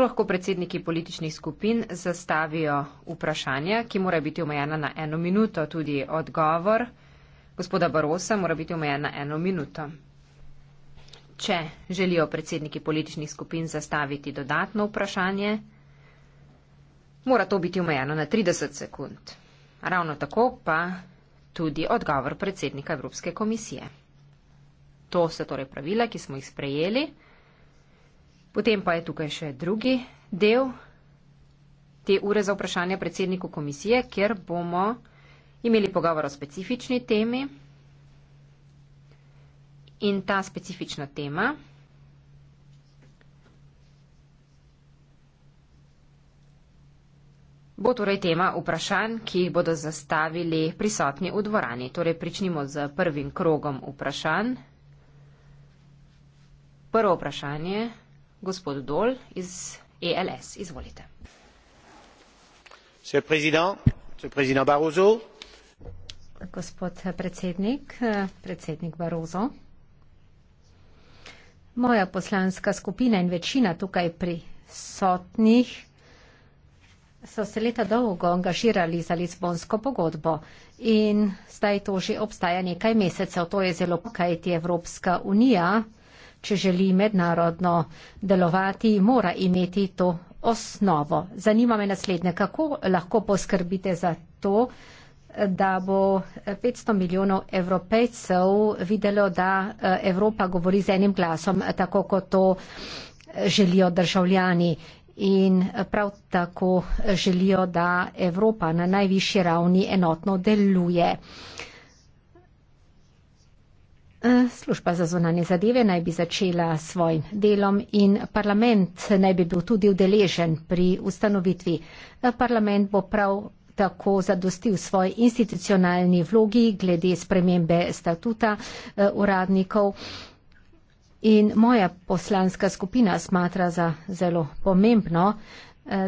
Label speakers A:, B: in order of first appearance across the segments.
A: lahko predsedniki političnih skupin zastavijo vprašanja, ki mora biti omejena na eno minuto. Tudi odgovor gospoda Barosa mora biti omejena na eno minuto. Če želijo predsedniki političnih skupin zastaviti dodatno vprašanje, mora to biti omejeno na 30 sekund. Ravno tako pa tudi odgovor predsednika Evropske komisije. To so torej pravila, ki smo jih sprejeli. Potem pa je tukaj še drugi del te ure za vprašanje predsedniku komisije, kjer bomo imeli pogovor o specifični temi. In ta specifična tema bo torej tema vprašanj, ki jih bodo zastavili prisotni v dvorani. Torej, pričnimo z prvim krogom vprašanj. Prvo vprašanje gospod Dol iz ELS. Izvolite.
B: Monsieur le Président, Monsieur le Président Barroso. Gospod predsednik, predsednik Barroso. Moja poslanska skupina in večina tukaj prisotnih so se leta dolgo angažirali za Lizbonsko pogodbo in zdaj to že obstaja nekaj mesecev. To je zelo, kajti Evropska unija če želi mednarodno delovati, mora imeti to osnovo. Zanima me naslednje, kako lahko poskrbite za to, da bo 500 milijonov evropejcev videlo, da eh, Evropa govori z enim glasom, tako kot to eh, želijo državljani. In eh, prav tako želijo, da Evropa na najvišji ravni enotno deluje. Uh, Eh, služba za zunanje zadeve naj bi začela s svojim delom in parlament naj bi bil tudi udeležen pri ustanovitvi. Eh, parlament bo prav tako zadostil svoj institucionalni vlogi glede spremembe statuta eh, uradnikov. In moja poslanska skupina smatra za zelo pomembno,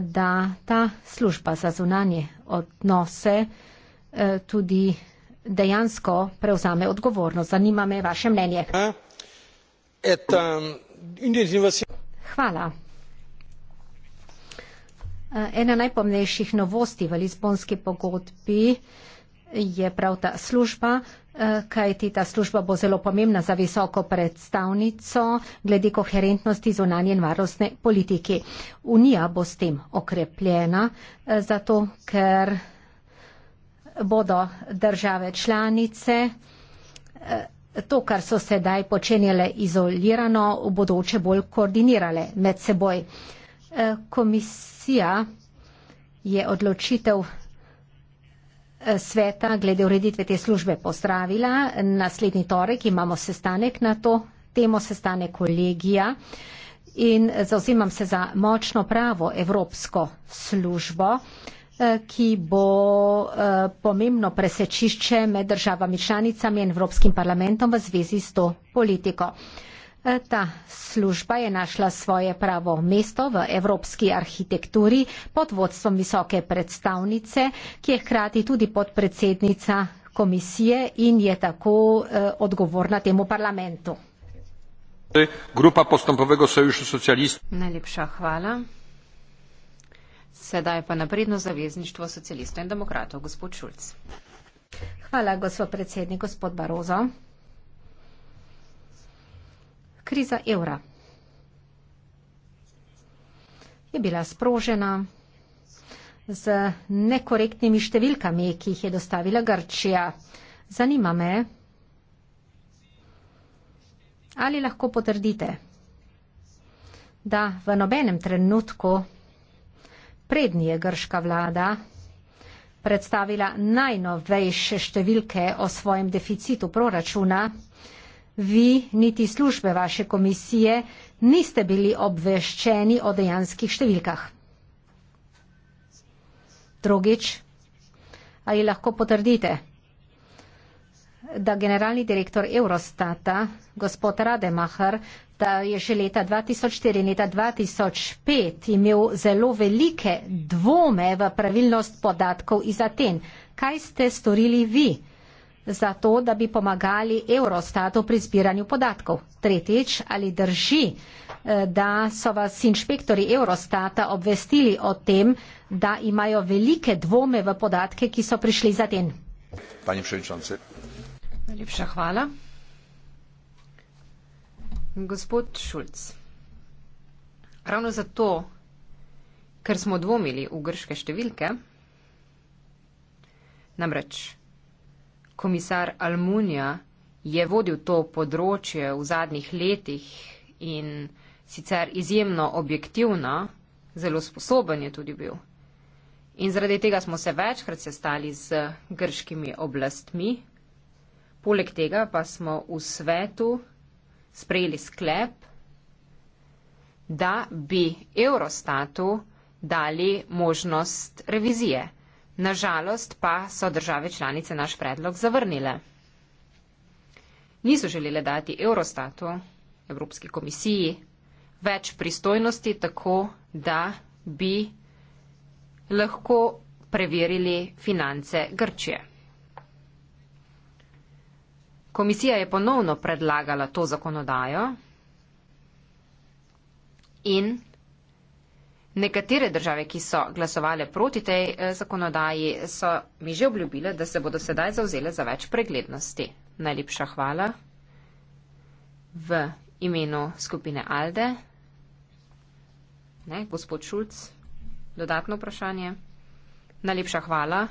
B: da ta služba za zunanje odnose tudi dejansko prevzame odgovornost. Zanima me vaše mnenje. Um, Hvala. Eh, ena najpomnejših novosti v Lizbonski pogodbi je prav ta služba, eh, kajti ta služba bo zelo pomembna za visoko predstavnico glede koherentnosti zunanje in varnostne politike. Unija bo s tem okrepljena, eh, zato ker bodo države članice eh, to, kar so sedaj počenjale izolirano, v bodoče bolj koordinirale med seboj. Eh, komisija je odločitev eh, sveta glede ureditve te službe postravila. Naslednji torek imamo sestanek na to temo, sestanek kolegija in zauzimam se za močno pravo Evropsko službo. Eh, ki bo eh, pomembno presečišče med državami članicami in Evropskim parlamentom v zvezi s to politiko. Eh, ta služba je našla svoje pravo mesto v evropski arhitekturi pod vodstvom visoke predstavnice, ki je hkrati tudi podpredsednica komisije in je tako odgovorna temu parlamentu.
A: Najlepša hvala. Sedaj pa napredno zavezništvo socialistov in demokratov, gospod Šulc.
B: Hvala, gospod predsednik, gospod Barozo. Kriza evra je bila sprožena z nekorektnimi številkami, ki jih je dostavila Grčija. Zanima me, ali lahko potrdite, da v nobenem trenutku prednji je grška vlada predstavila najnovejše številke o svojem deficitu proračuna, vi niti službe vaše komisije niste bili obveščeni o dejanskih številkah. Drugič, ali lahko potrdite, da generalni direktor Eurostata, gospod Rademacher, da je še leta 2004 in leta 2005 imel zelo velike dvome v pravilnost podatkov iz Aten. Kaj ste storili vi za to, da bi pomagali Eurostatu pri zbiranju podatkov? Tretjič, ali drži, eh, da so vas inšpektori Eurostata obvestili o tem, da imajo velike dvome v podatke, ki so prišli iz
A: Aten? Najlepša hvala. Gospod Šulc, ravno zato, ker smo dvomili v grške številke, namreč komisar Almunija je vodil to področje v zadnjih letih in sicer izjemno objektivno, zelo sposoben je tudi bil. In zaradi tega smo se večkrat sestali z grškimi oblastmi, poleg tega pa smo v svetu sprejeli sklep, da bi Eurostatu dali možnost revizije. Nažalost pa so države članice naš predlog zavrnile. Niso želeli dati Eurostatu, Evropski komisiji, več pristojnosti, tako da bi lahko preverili finance Grčije. Komisija je ponovno predlagala to zakonodajo in nekatere države, ki so glasovale proti tej eh, zakonodaji, so mi že obljubile, da se bodo sedaj zauzele za več preglednosti. Najlepša hvala v imenu skupine Alde. Ne, gospod Šulc, dodatno vprašanje. Najlepša hvala.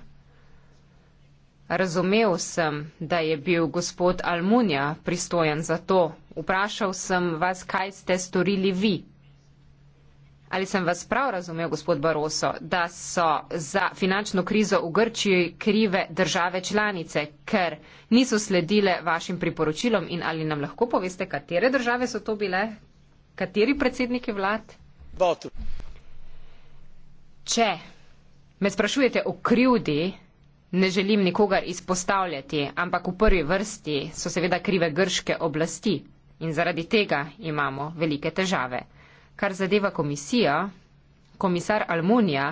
A: Razumel sem, da je bil gospod Almunija pristojen za to. Vprašal sem vas, kaj ste storili vi. Ali sem vas prav razumel, gospod Baroso, da so za finančno krizo v Grčiji krive države članice, ker niso sledile vašim priporočilom in ali nam lahko poveste, katere države so to bile, kateri predsedniki vlad? Če me sprašujete o krivdi, ne želim nikogar izpostavljati, ampak v prvi vrsti so seveda krive grške oblasti in zaradi tega imamo velike težave. Kar zadeva komisijo, komisar Almunija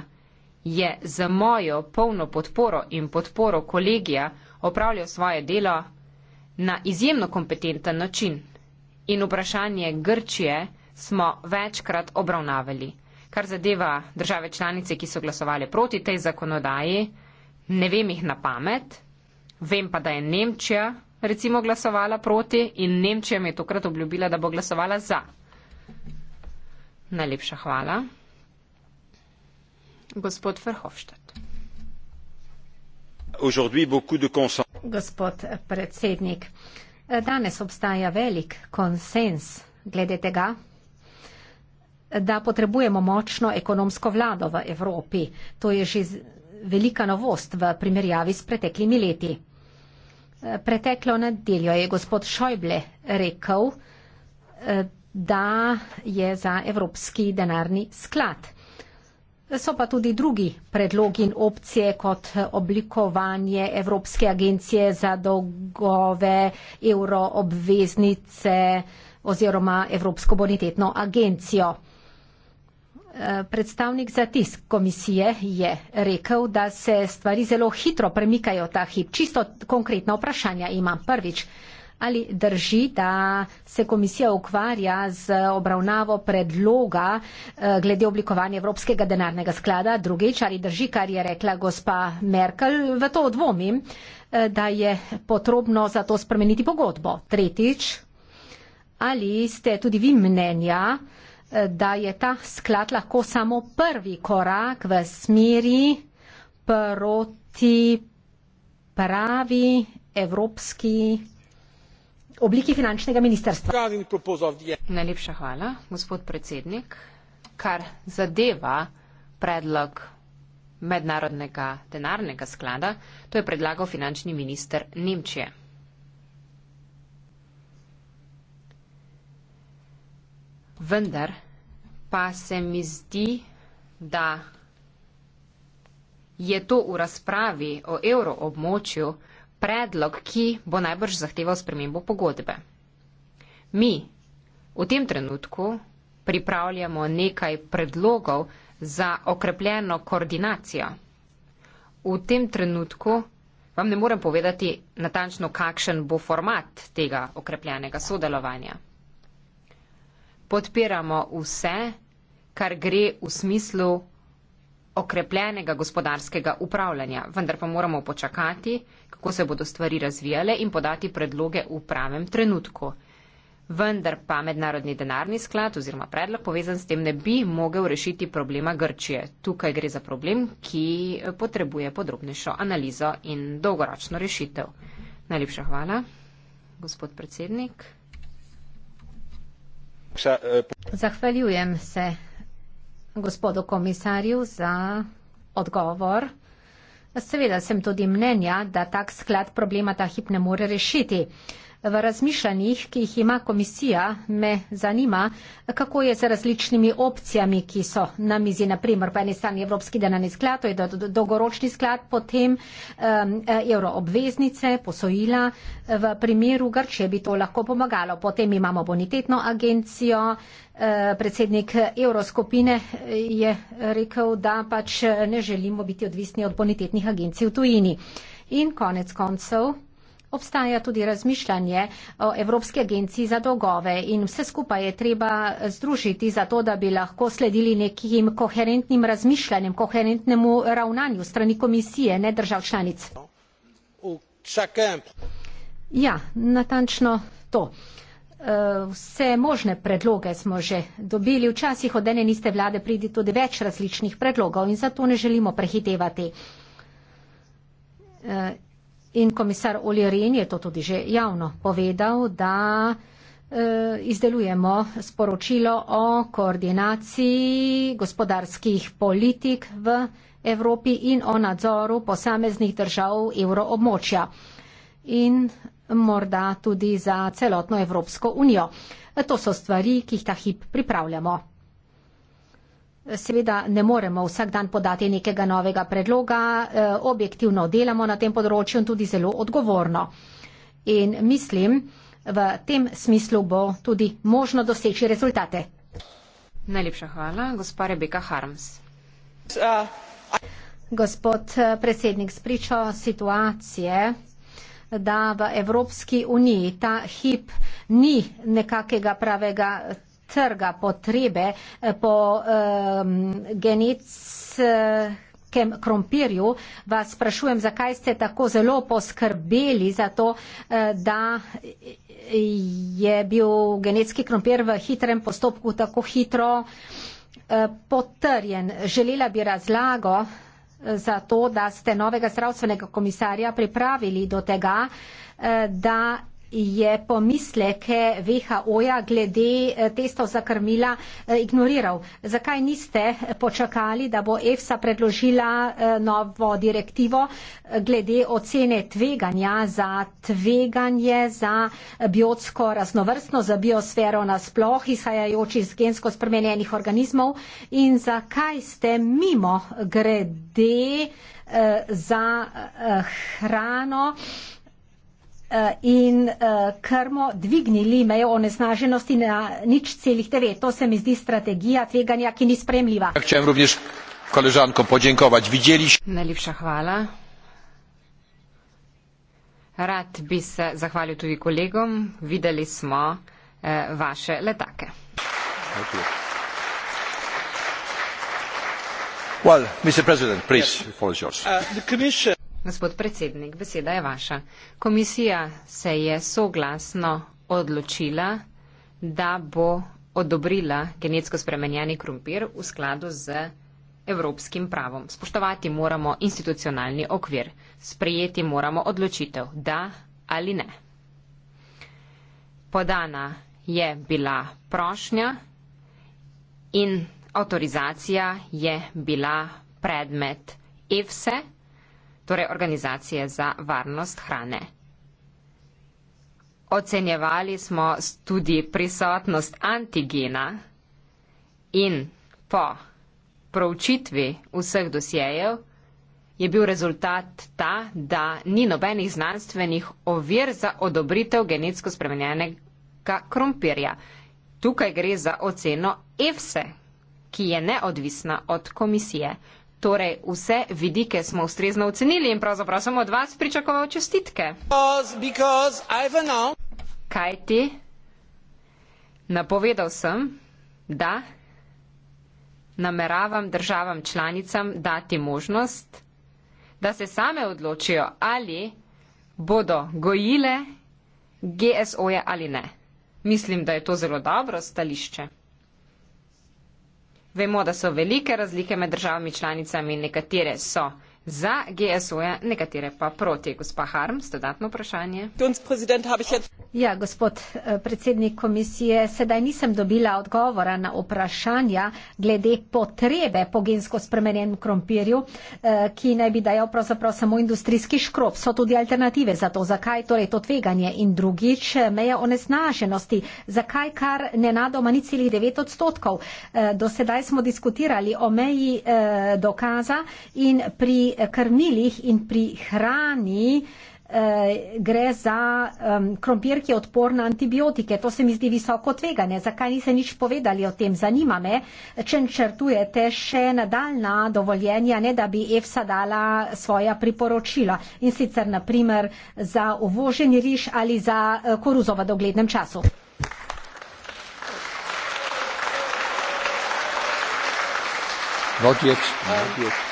A: je z mojo polno podporo in podporo kolegija opravljal svoje delo na izjemno kompetenten način in vprašanje Grčije smo večkrat obravnavali. Kar zadeva države članice, ki so glasovali proti tej zakonodaji, ne vem jih na pamet, vem pa, da je Nemčija recimo glasovala proti in Nemčija mi je tokrat obljubila, da bo glasovala za. Najlepša hvala. Gospod Verhofstadt.
B: Gospod predsednik, danes obstaja velik konsens glede tega, da potrebujemo močno ekonomsko vlado v Evropi. To je že velika novost v primerjavi s preteklimi leti. Eh, preteklo nedeljo je gospod Šojble rekel, eh, da je za Evropski denarni sklad. So pa tudi drugi predlogi in opcije kot oblikovanje Evropske agencije za dolgove, euroobveznice oziroma Evropsko bonitetno agencijo. Eh, predstavnik za tisk komisije je rekel, da se stvari zelo hitro premikajo ta hip. Čisto konkretna vprašanja imam. Prvič, ali drži, da se komisija ukvarja z obravnavo predloga eh, glede oblikovanja Evropskega denarnega sklada? Drugič, ali drži, kar je rekla gospa Merkel, v to odvomim, eh, da je potrebno za to spremeniti pogodbo? Tretjič, ali ste tudi vi mnenja, da je ta sklad lahko samo prvi korak v smeri proti pravi evropski obliki finančnega ministrstva.
A: Najlepša hvala, gospod predsednik. Kar zadeva predlog mednarodnega denarnega sklada, to je predlagal finančni minister Nemčije. vendar pa se mi zdi, da je to v razpravi o evroobmočju predlog, ki bo najbrž zahteval spremembo pogodbe. Mi v tem trenutku pripravljamo nekaj predlogov za okrepljeno koordinacijo. V tem trenutku vam ne morem povedati natančno, kakšen bo format tega okrepljenega sodelovanja podpiramo vse, kar gre v smislu okrepljenega gospodarskega upravljanja, vendar pa moramo počakati, kako se bodo stvari razvijale in podati predloge v pravem trenutku. Vendar pa mednarodni denarni sklad oziroma predlog povezan s tem ne bi mogel rešiti problema Grčije. Tukaj gre za problem, ki potrebuje podrobnejšo analizo in dolgoročno rešitev. Najlepša hvala, gospod predsednik. Eh, Zahvaljujem se gospodu
B: komisarju za odgovor. Seveda sem tudi mnenja, da tak sklad problema ta hip ne more rešiti v razmišljanjih, ki jih ima komisija, me zanima, kako je z različnimi opcijami, ki so na mizi, naprimer, pa eni strani Evropski denarni sklad, to je dolgoročni sklad, potem um, euroobveznice, posojila. V primeru Grčije bi to lahko pomagalo. Potem imamo bonitetno agencijo. Uh, predsednik Evroskupine uh, je rekel, da pač ne želimo biti odvisni od bonitetnih agencij v tujini. In konec koncev. Obstaja tudi razmišljanje o Evropski agenciji za dolgove in vse skupaj je treba združiti za to, da bi lahko sledili nekim koherentnim razmišljanjem, koherentnemu ravnanju strani komisije, ne držav članic. Ja, natančno to. Eh, vse možne predloge smo že dobili. Včasih od ene niste vlade pridi tudi več različnih predlogov in zato ne želimo prehitevati. Eh, In komisar Oli Rehn je to tudi že javno povedal, da e, izdelujemo sporočilo o koordinaciji gospodarskih politik v Evropi in o nadzoru posameznih držav evroobmočja in morda tudi za celotno Evropsko unijo. E, to so stvari, ki jih ta hip pripravljamo seveda ne moremo vsak dan podati nekega novega predloga, eh, objektivno delamo na tem področju in tudi zelo odgovorno. In mislim, v tem smislu bo tudi možno doseči rezultate.
A: Najlepša hvala, gospa Rebeka Harms.
B: Gospod eh, predsednik, spričo situacije, da v Evropski uniji ta hip ni nekakega pravega trga, potrebe eh, po um, genetskem krompirju, vas sprašujem, zakaj ste tako zelo poskrbeli za to, eh, da je bil genetski krompir v hitrem postopku tako hitro eh, potrjen. Želela bi razlago za to, da ste novega zdravstvenega komisarja pripravili do tega, da je pomisleke WHO-ja glede eh, testov za krmila eh, ignoriral. Zakaj niste eh, počakali, da bo EFSA predložila novo direktivo glede ocene tveganja za tveganje za biotsko raznovrstno, za biosfero nasploh, izhajajoč iz gensko spremenjenih organizmov in zakaj ste mimo grede za hrano Eh, in eh, krmo dvignili mejo onesnaženosti na nič celih devet. To se mi zdi strategija tveganja, ki ni spremljiva.
A: Najlepša hvala. Rad bi se zahvalil tudi kolegom. Videli smo eh, vaše letake. Well, Mr. President, please, yes. uh, the commission... Gospod predsednik, beseda je vaša. Komisija se je soglasno odločila, da bo odobrila genetsko spremenjeni krumpir v skladu z evropskim pravom. Spoštovati moramo institucionalni okvir, sprejeti moramo odločitev, da ali ne. Podana je bila prošnja in avtorizacija je bila predmet EFSE, torej organizacije za varnost hrane. Ocenjevali smo tudi prisotnost antigena in po proučitvi vseh dosjejev je bil rezultat ta, da ni nobenih znanstvenih ovir za odobritev genetsko spremenjenega krompirja. Tukaj gre za oceno EFSE, ki je neodvisna od komisije. Torej, vse vidike smo ustrezno ocenili in pravzaprav sem od vas pričakoval čestitke. Kaj ti? Napovedal sem, da nameravam državam članicam dati možnost, da se same odločijo, ali bodo gojile GSO-je ali ne. Mislim, da je to zelo dobro stališče. Vemo, da so velike razlike med državami članicami in nekatere so za GSO-ja, nekatere pa proti. Gospa Harm, dodatno vprašanje.
B: Ja, gospod eh, predsednik komisije, sedaj nisem dobila odgovora na vprašanja glede potrebe po gensko spremenjenem krompirju, eh, ki naj bi dajal pravzaprav samo industrijski škrop. So tudi alternative za to, zakaj torej to tveganje in drugič eh, meja onesnaženosti, zakaj kar nenadoma ni celih 9 odstotkov. Do sedaj smo diskutirali o meji dokaza in pri krmilih in pri hrani eh, gre za eh, krompir, ki je odpor na antibiotike. To se mi zdi visoko tveganje. Zakaj niste nič povedali o tem? Zanima me, če črtujete še nadaljna dovoljenja, ne da bi EFSA dala svoja priporočila. In sicer naprimer za uvoženi riž ali za eh, koruzo v doglednem času.
C: Not yet. Not yet. Um.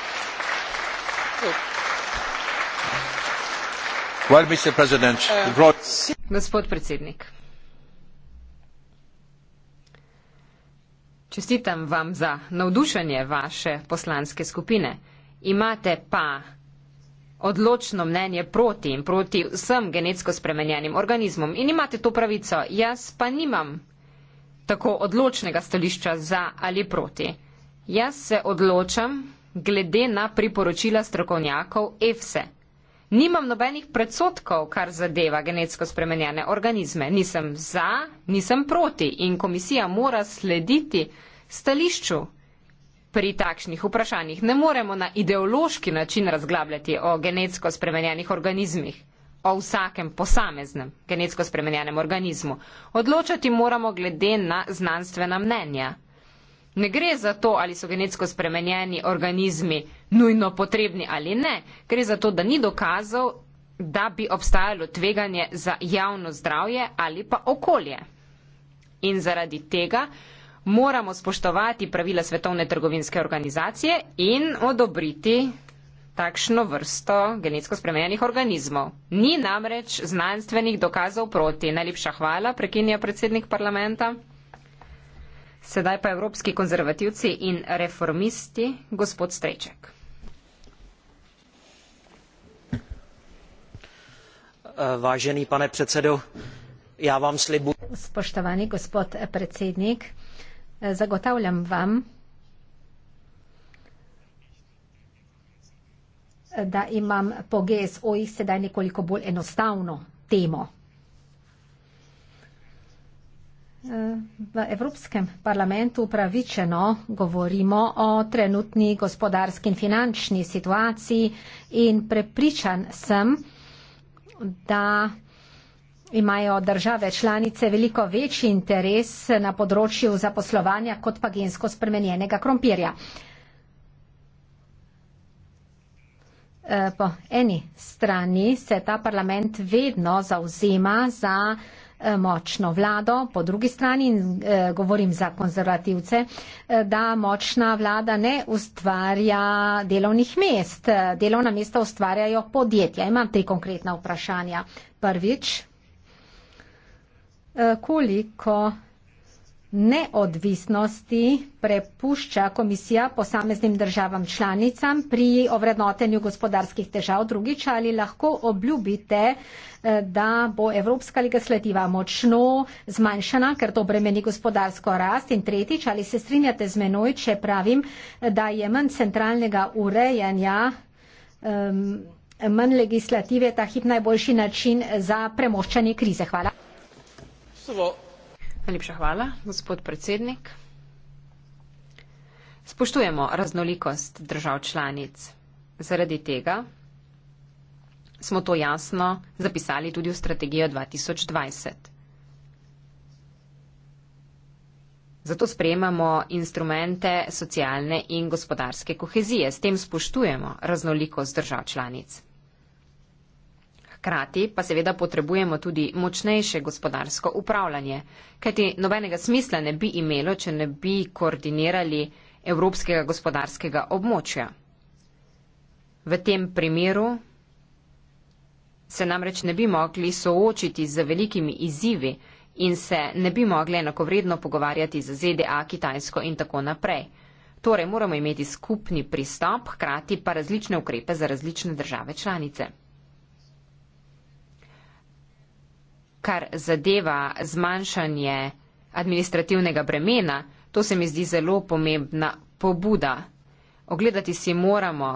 B: Well, Mr. President, uh, eh, brought...
A: Gospod predsednik, čestitam vam za navdušenje vaše poslanske skupine. Imate pa odločno mnenje proti in proti vsem genetsko spremenjenim organizmom in imate to pravico. Jaz pa nimam tako odločnega stališča za ali proti. Jaz se odločam glede na priporočila strokovnjakov EFSE. Nimam nobenih predsotkov, kar zadeva genetsko spremenjene organizme. Nisem za, nisem proti in komisija mora slediti stališču. Pri takšnih vprašanjih ne moremo na ideološki način razglabljati o genetsko spremenjenih organizmih, o vsakem posameznem genetsko spremenjenem organizmu. Odločati moramo glede na znanstvena mnenja. Ne gre za to, ali so genetsko spremenjeni organizmi nujno potrebni ali ne, gre za to, da ni dokazov, da bi obstajalo tveganje za javno zdravje ali pa okolje. In zaradi tega moramo spoštovati pravila Svetovne trgovinske organizacije in odobriti takšno vrsto genetsko spremenjenih organizmov. Ni namreč znanstvenih dokazov proti. Najlepša hvala, prekinja predsednik parlamenta. Sedaj pa evropski konzervativci in reformisti, gospod Streček. Eh, Važeni pane predsedo, ja vam slibujem. Spoštovani
B: gospod predsednik, eh, zagotavljam vam, eh, da imam poges OECD nekoliko bolj enostavno temo. V Evropskem parlamentu pravičeno govorimo o trenutni gospodarski in finančni situaciji in prepričan sem, da imajo države članice veliko večji interes na področju zaposlovanja kot pa gensko spremenjenega krompirja. Eh, po eni strani se ta parlament vedno zauzema za Eh, močno vlado, po drugi strani in eh, govorim za konzervativce, eh, da močna vlada ne ustvarja delovnih mest. Delovna mesta ustvarjajo podjetja. Imam tri konkretna vprašanja. Prvič, koliko neodvisnosti prepušča komisija posameznim državam članicam pri ovrednotenju gospodarskih težav. Drugič, ali lahko obljubite, eh, da bo Evropska liga sledila močno zmanjšana, ker to bremeni gospodarsko rast. In tretjič, ali se strinjate z menoj, če pravim, da je manj centralnega urejanja. Um, manj legislative je ta hip najboljši način za premoščanje krize. Hvala.
A: Slovo. Najlepša hvala, gospod predsednik. Spoštujemo raznolikost držav članic. Zaradi tega smo to jasno zapisali tudi v strategijo 2020. Zato sprejemamo instrumente socialne in gospodarske kohezije. S tem spoštujemo raznolikost držav članic. Hkrati pa seveda potrebujemo tudi močnejše gospodarsko upravljanje, kajti nobenega smisla ne bi imelo, če ne bi koordinirali Evropskega gospodarskega območja. V tem primeru se namreč ne bi mogli soočiti z velikimi izzivi in se ne bi mogli enakovredno pogovarjati z ZDA, Kitajsko in tako naprej. Torej moramo imeti skupni pristop, hkrati pa različne ukrepe za različne države članice. kar zadeva zmanjšanje administrativnega bremena, to se mi zdi zelo pomembna pobuda. Ogledati si moramo,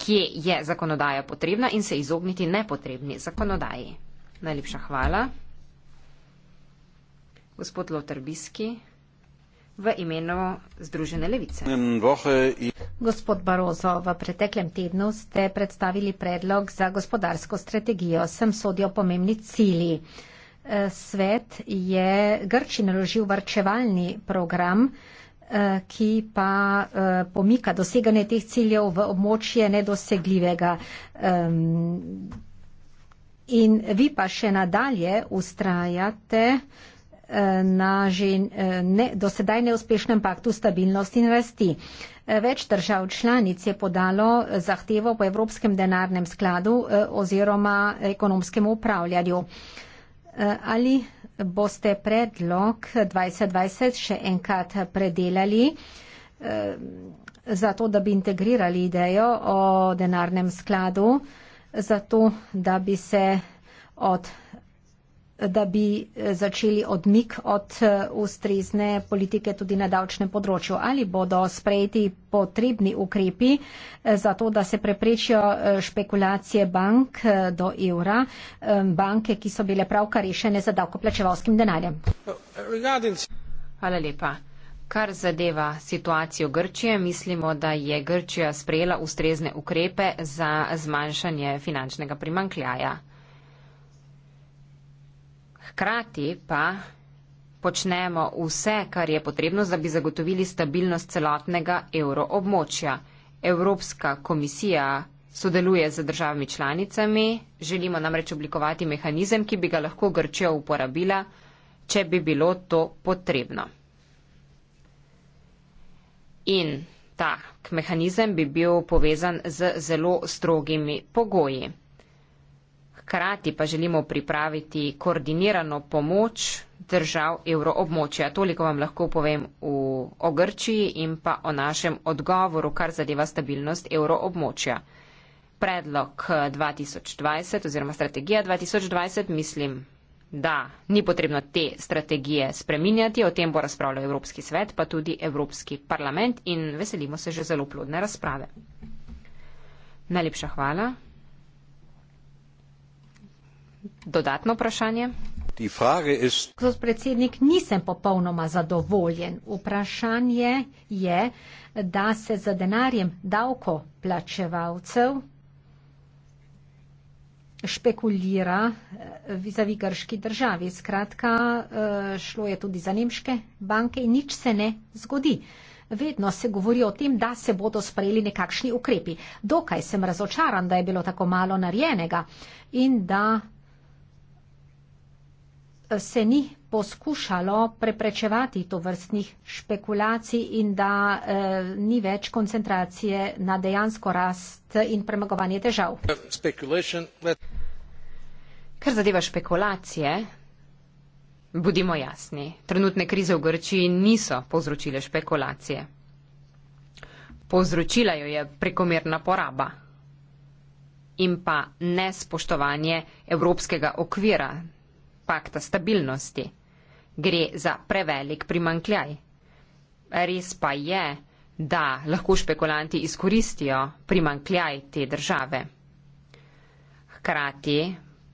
A: kje je zakonodaja potrebna in se izogniti nepotrebni zakonodaji. Najlepša hvala. Gospod Lotrbiski v imenu Združene levice.
B: Gospod Barozo, v preteklem tednu ste predstavili predlog za gospodarsko strategijo. Sem sodijo pomembni cili. E, svet je Grči naložil varčevalni program, e, ki pa e, pomika doseganje teh ciljev v območje nedosegljivega. In vi pa še nadalje ustrajate na že eh, ne, dosedaj neuspešnem paktu stabilnosti in rasti. Eh, več držav članic je podalo eh, zahtevo po Evropskem denarnem skladu oziroma ekonomskemu upravljanju. Ali boste predlog 2020 še enkrat predelali, zato da bi integrirali idejo o denarnem skladu, zato da bi se od da bi eh, začeli odmik od eh, ustrezne politike tudi na davčnem področju. Ali bodo sprejeti potrebni ukrepi eh, za to, da se preprečijo špekulacije bank do evra, banke, ki so bile pravkar rešene za davkoplačevalskim denarjem?
A: Hvala lepa. Kar zadeva situacijo Grčije, mislimo, da je Grčija sprejela ustrezne ukrepe za zmanjšanje finančnega primankljaja hkrati pa počnemo vse, kar je potrebno, da bi zagotovili stabilnost celotnega evroobmočja. Evropska komisija sodeluje z državami članicami, želimo namreč oblikovati mehanizem, ki bi ga lahko Grčija uporabila, če bi bilo to potrebno. In tak mehanizem bi bil povezan z zelo strogimi pogoji hkrati pa želimo pripraviti koordinirano pomoč držav evroobmočja. Toliko vam lahko povem v, o Grčiji in pa o našem odgovoru, kar zadeva stabilnost evroobmočja. Predlog 2020 eh, oziroma strategija 2020 mislim, da ni potrebno te strategije spreminjati. O tem bo razpravljal Evropski svet, pa tudi Evropski parlament in veselimo se že zelo plodne razprave. Najlepša hvala. Dodatno vprašanje. Gospod predsednik,
B: nisem popolnoma zadovoljen. Vprašanje je, da se za denarjem davkoplačevalcev špekulira eh, vizavi grški državi. Skratka, eh, šlo je tudi za nemške banke in nič se ne zgodi. Vedno se govori o tem, da se bodo sprejeli nekakšni ukrepi. Dokaj sem razočaran, da je bilo tako malo narjenega in da se ni poskušalo preprečevati to vrstnih špekulacij in da eh, ni več koncentracije na dejansko rast in premagovanje težav.
A: Kar zadeva špekulacije, bodimo jasni, trenutne krize v Grčiji niso povzročile špekulacije. Povzročila jo je prekomerna poraba in pa nespoštovanje evropskega okvira pakta stabilnosti. Gre za prevelik primankljaj. Res pa je, da lahko špekulanti izkoristijo primankljaj te države. Hkrati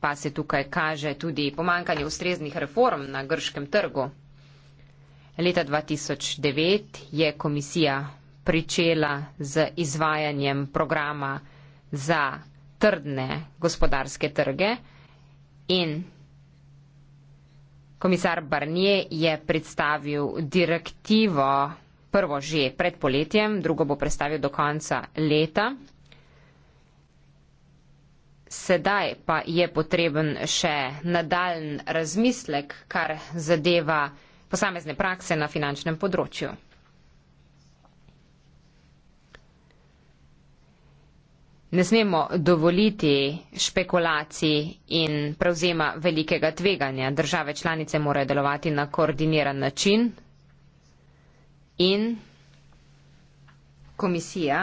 A: pa se tukaj kaže tudi pomankanje ustreznih reform na grškem trgu. Leta 2009 je komisija pričela z izvajanjem programa za trdne gospodarske trge in Komisar Barnier je predstavil direktivo, prvo že pred poletjem, drugo bo predstavil do konca leta. Sedaj pa je potreben še nadaljn razmislek, kar zadeva posamezne prakse na finančnem področju. Ne smemo dovoliti špekulacij in prevzema velikega tveganja. Države članice morajo delovati na koordiniran način in komisija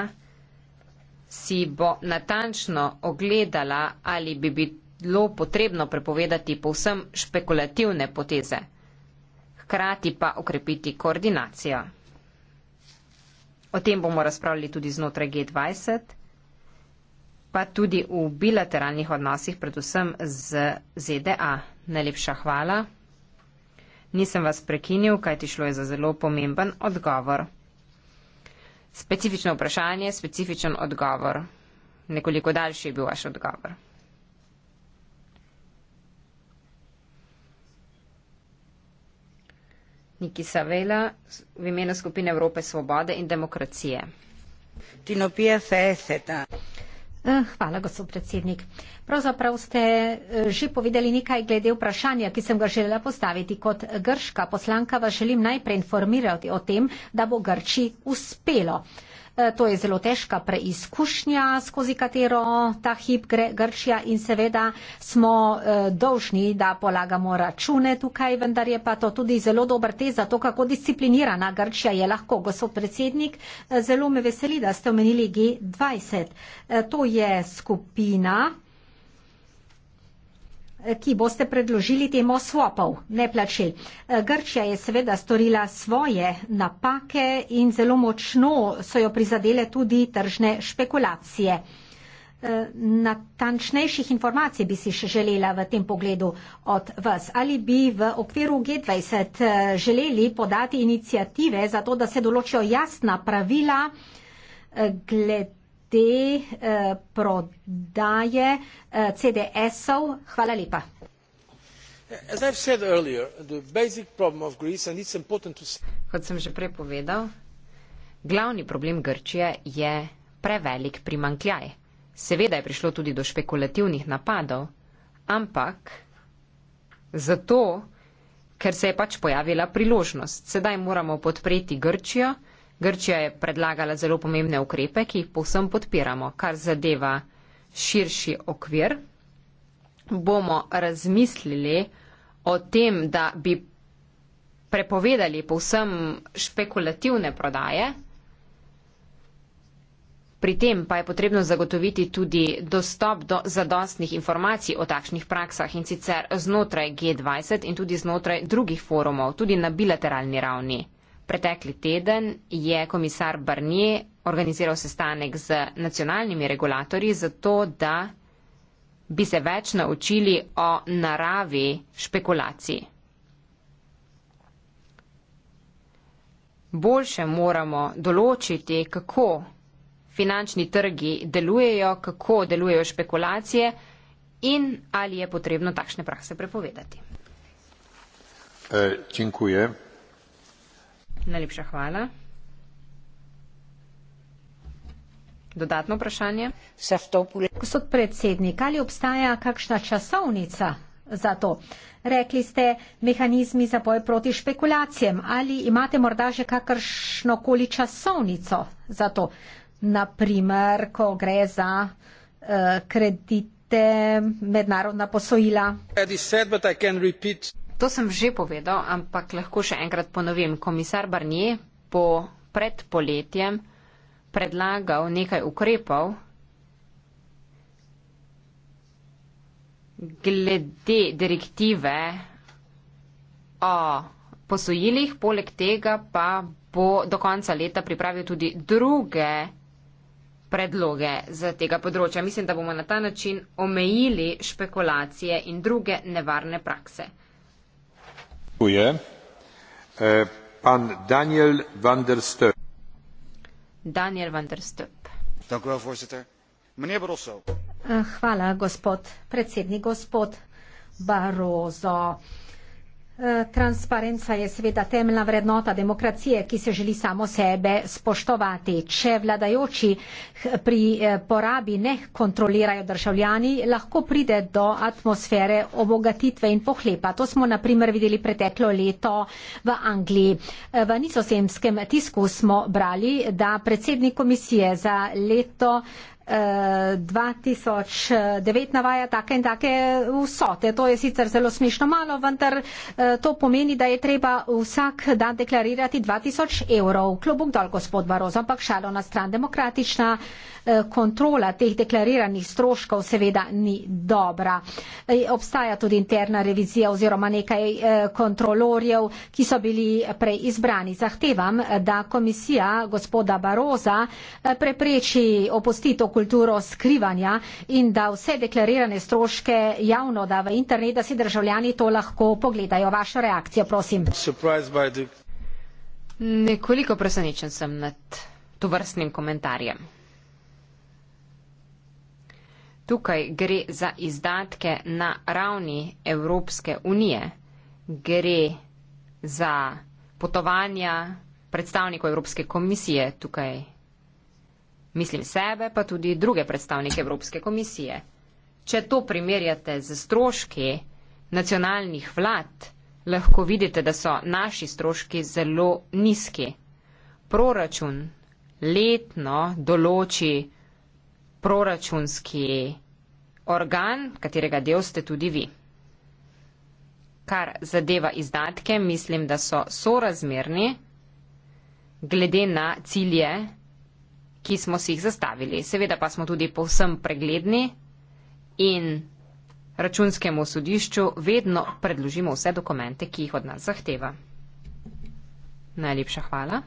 A: si bo natančno ogledala, ali bi bilo potrebno prepovedati povsem špekulativne poteze, hkrati pa okrepiti koordinacijo. O tem bomo razpravljali tudi znotraj G20 pa tudi v bilateralnih odnosih, predvsem z ZDA. Najlepša hvala. Nisem vas prekinil, kaj ti šlo je za zelo pomemben odgovor. Specifično vprašanje, specifičen odgovor. Nekoliko daljši je bil vaš odgovor. Niki Savela v imenu skupine Evrope svobode in demokracije. Tino Pia Fesseta. Eh, hvala, gospod predsednik. Pravzaprav
B: ste eh, že povedali nekaj glede vprašanja, ki sem ga želela postaviti. Kot grška poslanka vas želim najprej informirati o tem, da bo Grči uspelo. Eh, to je zelo težka preizkušnja, skozi katero ta hip gre Grčija in seveda smo eh, dolžni, da polagamo račune tukaj, vendar je pa to tudi zelo dober test za to, kako disciplinirana Grčija je lahko. Gospod predsednik, eh, zelo me veseli, da ste omenili G20. To je skupina ki boste predložili temo swapov, ne plačil. Eh, Grčija je seveda storila svoje napake in zelo močno so jo prizadele tudi tržne špekulacije. Eh, Natančnejših informacij bi si še želela v tem pogledu od vas. Ali bi v okviru G20 eh, želeli podati inicijative za to, da se določijo jasna pravila glede glede eh, prodaje eh,
A: CDS-ov. Hvala lepa. Kot sem že prej povedal, glavni problem Grčije je prevelik primankljaj. Seveda je prišlo tudi do špekulativnih napadov, ampak zato, ker se je pač pojavila priložnost. Sedaj moramo podpreti Grčijo. Grčija je predlagala zelo pomembne ukrepe, ki jih povsem podpiramo, kar zadeva širši okvir. Bomo razmislili o tem, da bi prepovedali povsem špekulativne prodaje. Pri tem pa je potrebno zagotoviti tudi dostop do zadostnih informacij o takšnih praksah in sicer znotraj G20 in tudi znotraj drugih forumov, tudi na bilateralni ravni. Pretekli teden je komisar Barnier organiziral sestanek z nacionalnimi regulatorji zato, da bi se več naučili o naravi špekulacij. Boljše moramo določiti, kako finančni trgi delujejo, kako delujejo špekulacije in ali je potrebno takšne prakse prepovedati. E, Najlepša hvala.
B: Dodatno vprašanje. Gospod predsednik, ali obstaja kakšna časovnica za to? Rekli ste mehanizmi za boj proti špekulacijam. Ali imate morda že kakršno koli časovnico za to? Naprimer, ko gre za uh, kredite,
A: mednarodna posojila. To sem že povedal, ampak lahko še enkrat ponovim. Komisar Barnier bo pred poletjem predlagal nekaj ukrepov glede direktive o posojilih, poleg tega pa bo do konca leta pripravil tudi druge predloge za tega področja. Mislim, da bomo na ta način omejili špekulacije in druge nevarne prakse.
B: E, daniel van der stoep mijnheer barroso eh, voorzitter gospod predsednik gospod barroso ik ben het niet helemaal eens met uw stelling. Eh, transparenca je seveda temeljna vrednota demokracije, ki se želi samo sebe spoštovati. Če vladajoči pri eh, porabi ne kontrolirajo državljani, lahko pride do atmosfere obogatitve in pohlepa. To smo na primer videli preteklo leto v Angliji. Eh, v nizozemskem tisku smo brali, da predsednik komisije za leto 2009 eh, navaja take in take vsote. To je sicer zelo smešno malo, vendar eh, to pomeni, da je treba vsak dan deklarirati 2000 evrov. Klobuk dol, gospod Barozo, ampak šalo na stran demokratična. Eh, kontrola teh deklariranih stroškov seveda ni dobra. Eh, obstaja tudi interna revizija oziroma nekaj eh, kontrolorjev, ki so bili prej izbrani. Zahtevam, da komisija gospoda Baroza prepreči opustito kulturo skrivanja in da vse deklarirane stroške javno da v internet, da si državljani to lahko pogledajo. Vašo reakcijo, prosim.
A: Nekoliko presenečen sem nad tovrstnim komentarjem. Tukaj gre za izdatke na ravni Evropske unije, gre za potovanja predstavnikov Evropske komisije tukaj. Mislim sebe, pa tudi druge predstavnike Evropske komisije. Če to primerjate z stroški nacionalnih vlad, lahko vidite, da so naši stroški zelo nizki. Proračun letno določi proračunski organ, katerega del ste tudi vi. Kar zadeva izdatke, mislim, da so sorazmerni glede na cilje, ki smo si jih zastavili. Seveda pa smo tudi povsem pregledni in računskemu sodišču vedno predložimo vse dokumente, ki jih od nas zahteva. Najlepša hvala.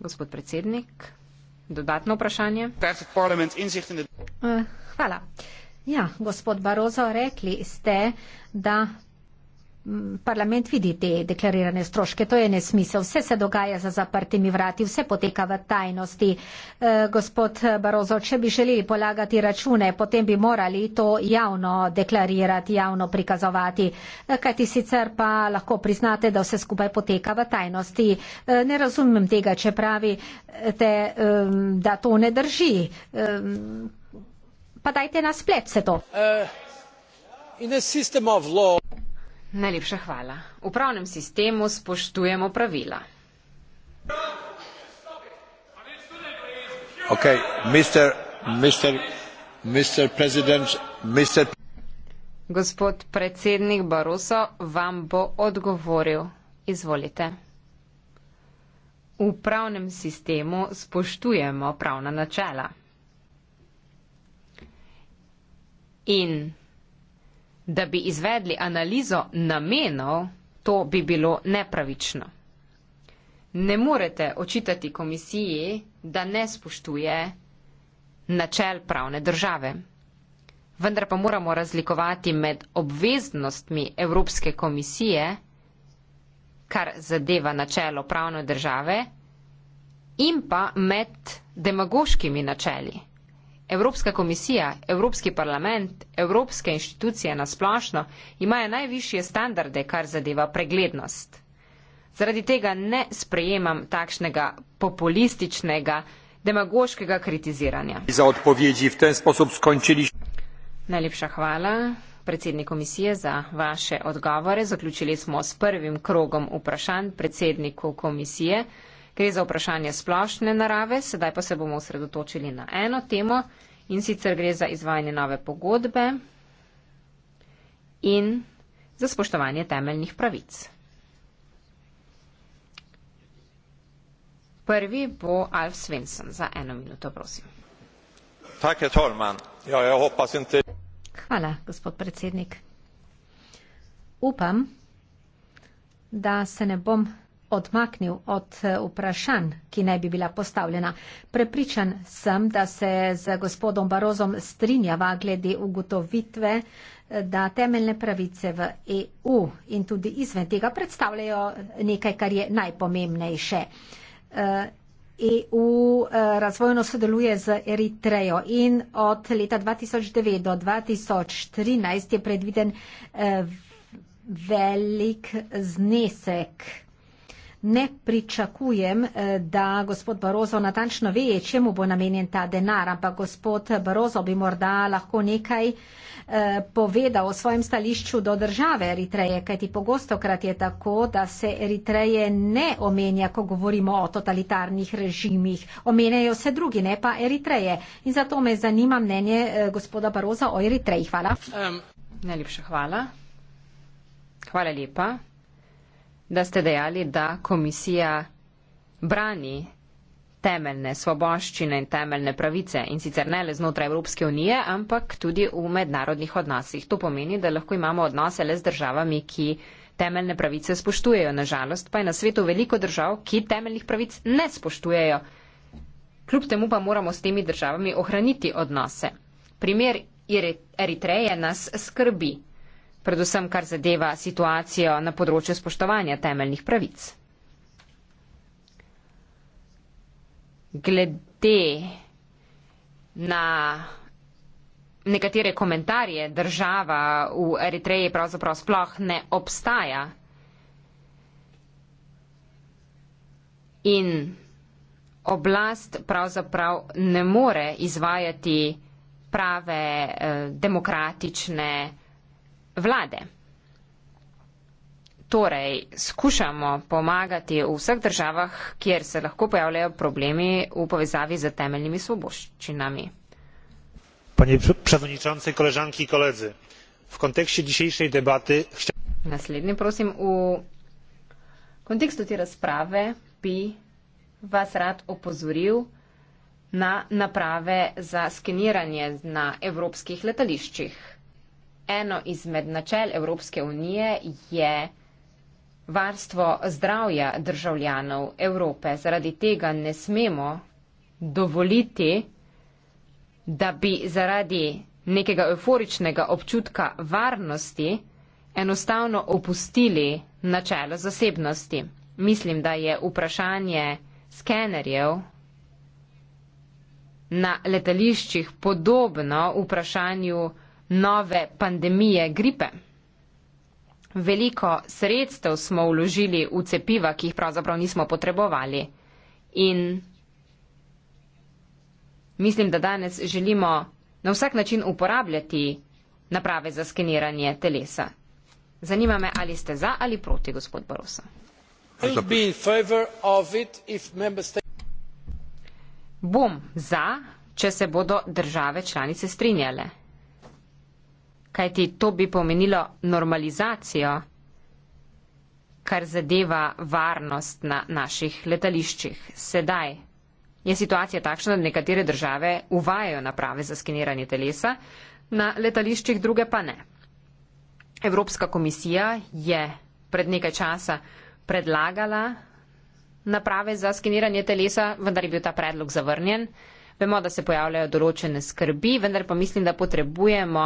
A: Gospod predsednik. Dodatno vprašanje? Uh,
B: hvala. Ja, gospod Barozo, rekli ste, da parlament vidi te deklarirane stroške. To je nesmisel. Vse se dogaja za zaprtimi vrati, vse poteka v tajnosti. E, gospod Barozo, če bi želeli polagati račune, potem bi morali to javno deklarirati, javno prikazovati. E, eh, Kaj ti sicer pa lahko priznate, da vse skupaj poteka v tajnosti. E, ne razumem tega, če pravite, e, da to ne drži. E, pa dajte na
A: splet vse to. Uh, Najlepša hvala. V pravnem sistemu spoštujemo pravila.
B: Okay, mister, mister, mister
A: mister... Gospod predsednik Baroso vam bo odgovoril. Izvolite. V pravnem sistemu spoštujemo pravna načela. In da bi izvedli analizo namenov, to bi bilo nepravično. Ne morete očitati komisiji, da ne spoštuje načel pravne države. Vendar pa moramo razlikovati med obveznostmi Evropske komisije, kar zadeva načelo pravne države, in pa med demagoškimi načeli. Evropska komisija, Evropski parlament, evropske inštitucije nasplošno imajo najvišje standarde, kar zadeva preglednost. Zaradi tega ne sprejemam takšnega populističnega, demagoškega kritiziranja.
C: Za odpovedi v ten sposob skončili.
A: Najlepša hvala predsednik komisije za vaše odgovore. Zaključili smo s prvim krogom vprašanj predsedniku komisije. Gre za vprašanje splošne narave, sedaj pa se bomo osredotočili na eno temo in sicer gre za izvajanje nove pogodbe in za spoštovanje temeljnih pravic. Prvi bo Alf Svensson. Za eno minuto, prosim.
B: Tak, ja, ja, opasim, te... Hvala, gospod predsednik. Upam, da se ne bom odmaknil od eh, vprašanj, ki naj bi bila postavljena. Prepričan sem, da se z gospodom Barozom strinjava glede ugotovitve, eh, da temeljne pravice v EU in tudi izven tega predstavljajo nekaj, kar je najpomembnejše. EU eh, e razvojno sodeluje z Eritrejo in od leta 2009 do 2013 je predviden velik znesek ne pričakujem, eh, da gospod Barozo natančno ve, čemu bo namenjen ta denar, ampak gospod Barozo bi morda lahko nekaj eh, povedal o svojem stališču do države Eritreje, kajti pogostokrat je tako, da se Eritreje ne omenja, ko govorimo o totalitarnih režimih. Omenjajo se drugi, ne pa Eritreje. In zato me zanima mnenje eh, gospoda Baroza
A: o Eritreji. Hvala. Um, najlepša hvala. Hvala lepa da ste dejali, da komisija brani temeljne svoboščine in temeljne pravice in sicer ne le znotraj Evropske unije, ampak tudi v mednarodnih odnosih. To pomeni, da lahko imamo odnose le z državami, ki temeljne pravice spoštujejo. Nažalost pa je na svetu veliko držav, ki temeljnih pravic ne spoštujejo. Kljub temu pa moramo s temi državami ohraniti odnose. Primer Eritreje nas skrbi predvsem kar zadeva situacijo na področju spoštovanja temeljnih pravic. Glede na nekatere komentarje, država v Eritreji pravzaprav sploh ne obstaja in oblast pravzaprav ne more izvajati prave eh, demokratične vlade. Torej, skušamo pomagati v vseh državah, kjer se lahko pojavljajo problemi v povezavi z temeljnimi svoboščinami. Naslednji, prosim, v kontekstu te razprave bi vas rad opozoril na naprave za skeniranje na evropskih letališčih eno izmed načel Evropske unije je varstvo zdravja državljanov Evrope. Zaradi tega ne smemo dovoliti, da bi zaradi nekega euforičnega občutka varnosti enostavno opustili načelo zasebnosti. Mislim, da je vprašanje skenerjev na letališčih podobno vprašanju nove pandemije gripe. Veliko sredstev smo vložili v cepiva, ki jih pravzaprav nismo potrebovali. In mislim, da danes želimo na vsak način uporabljati naprave za skeniranje telesa. Zanima me, ali ste za ali proti, gospod Barosa. Bom za, če se bodo države članice strinjale kajti to bi pomenilo normalizacijo, kar zadeva varnost na naših letališčih. Sedaj je situacija takšna, da nekatere države uvajajo naprave za skeniranje telesa, na letališčih druge pa ne. Evropska komisija je pred nekaj časa predlagala naprave za skeniranje telesa, vendar je bil ta predlog zavrnjen. Vemo, da se pojavljajo določene skrbi, vendar pa mislim, da potrebujemo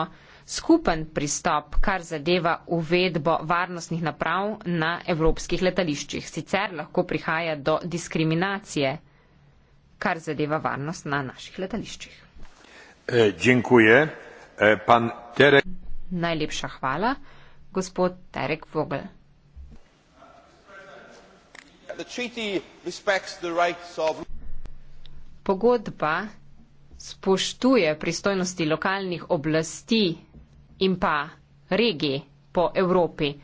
A: skupen pristop, kar zadeva uvedbo varnostnih naprav na evropskih letališčih. Sicer lahko prihaja do diskriminacije, kar zadeva varnost na naših letališčih.
C: E, dziękuję. E, pan Terek.
A: Najlepša hvala, gospod Terek Vogel.
C: The treaty respects the rights of
A: pogodba spoštuje pristojnosti lokalnih oblasti in pa regij po Evropi.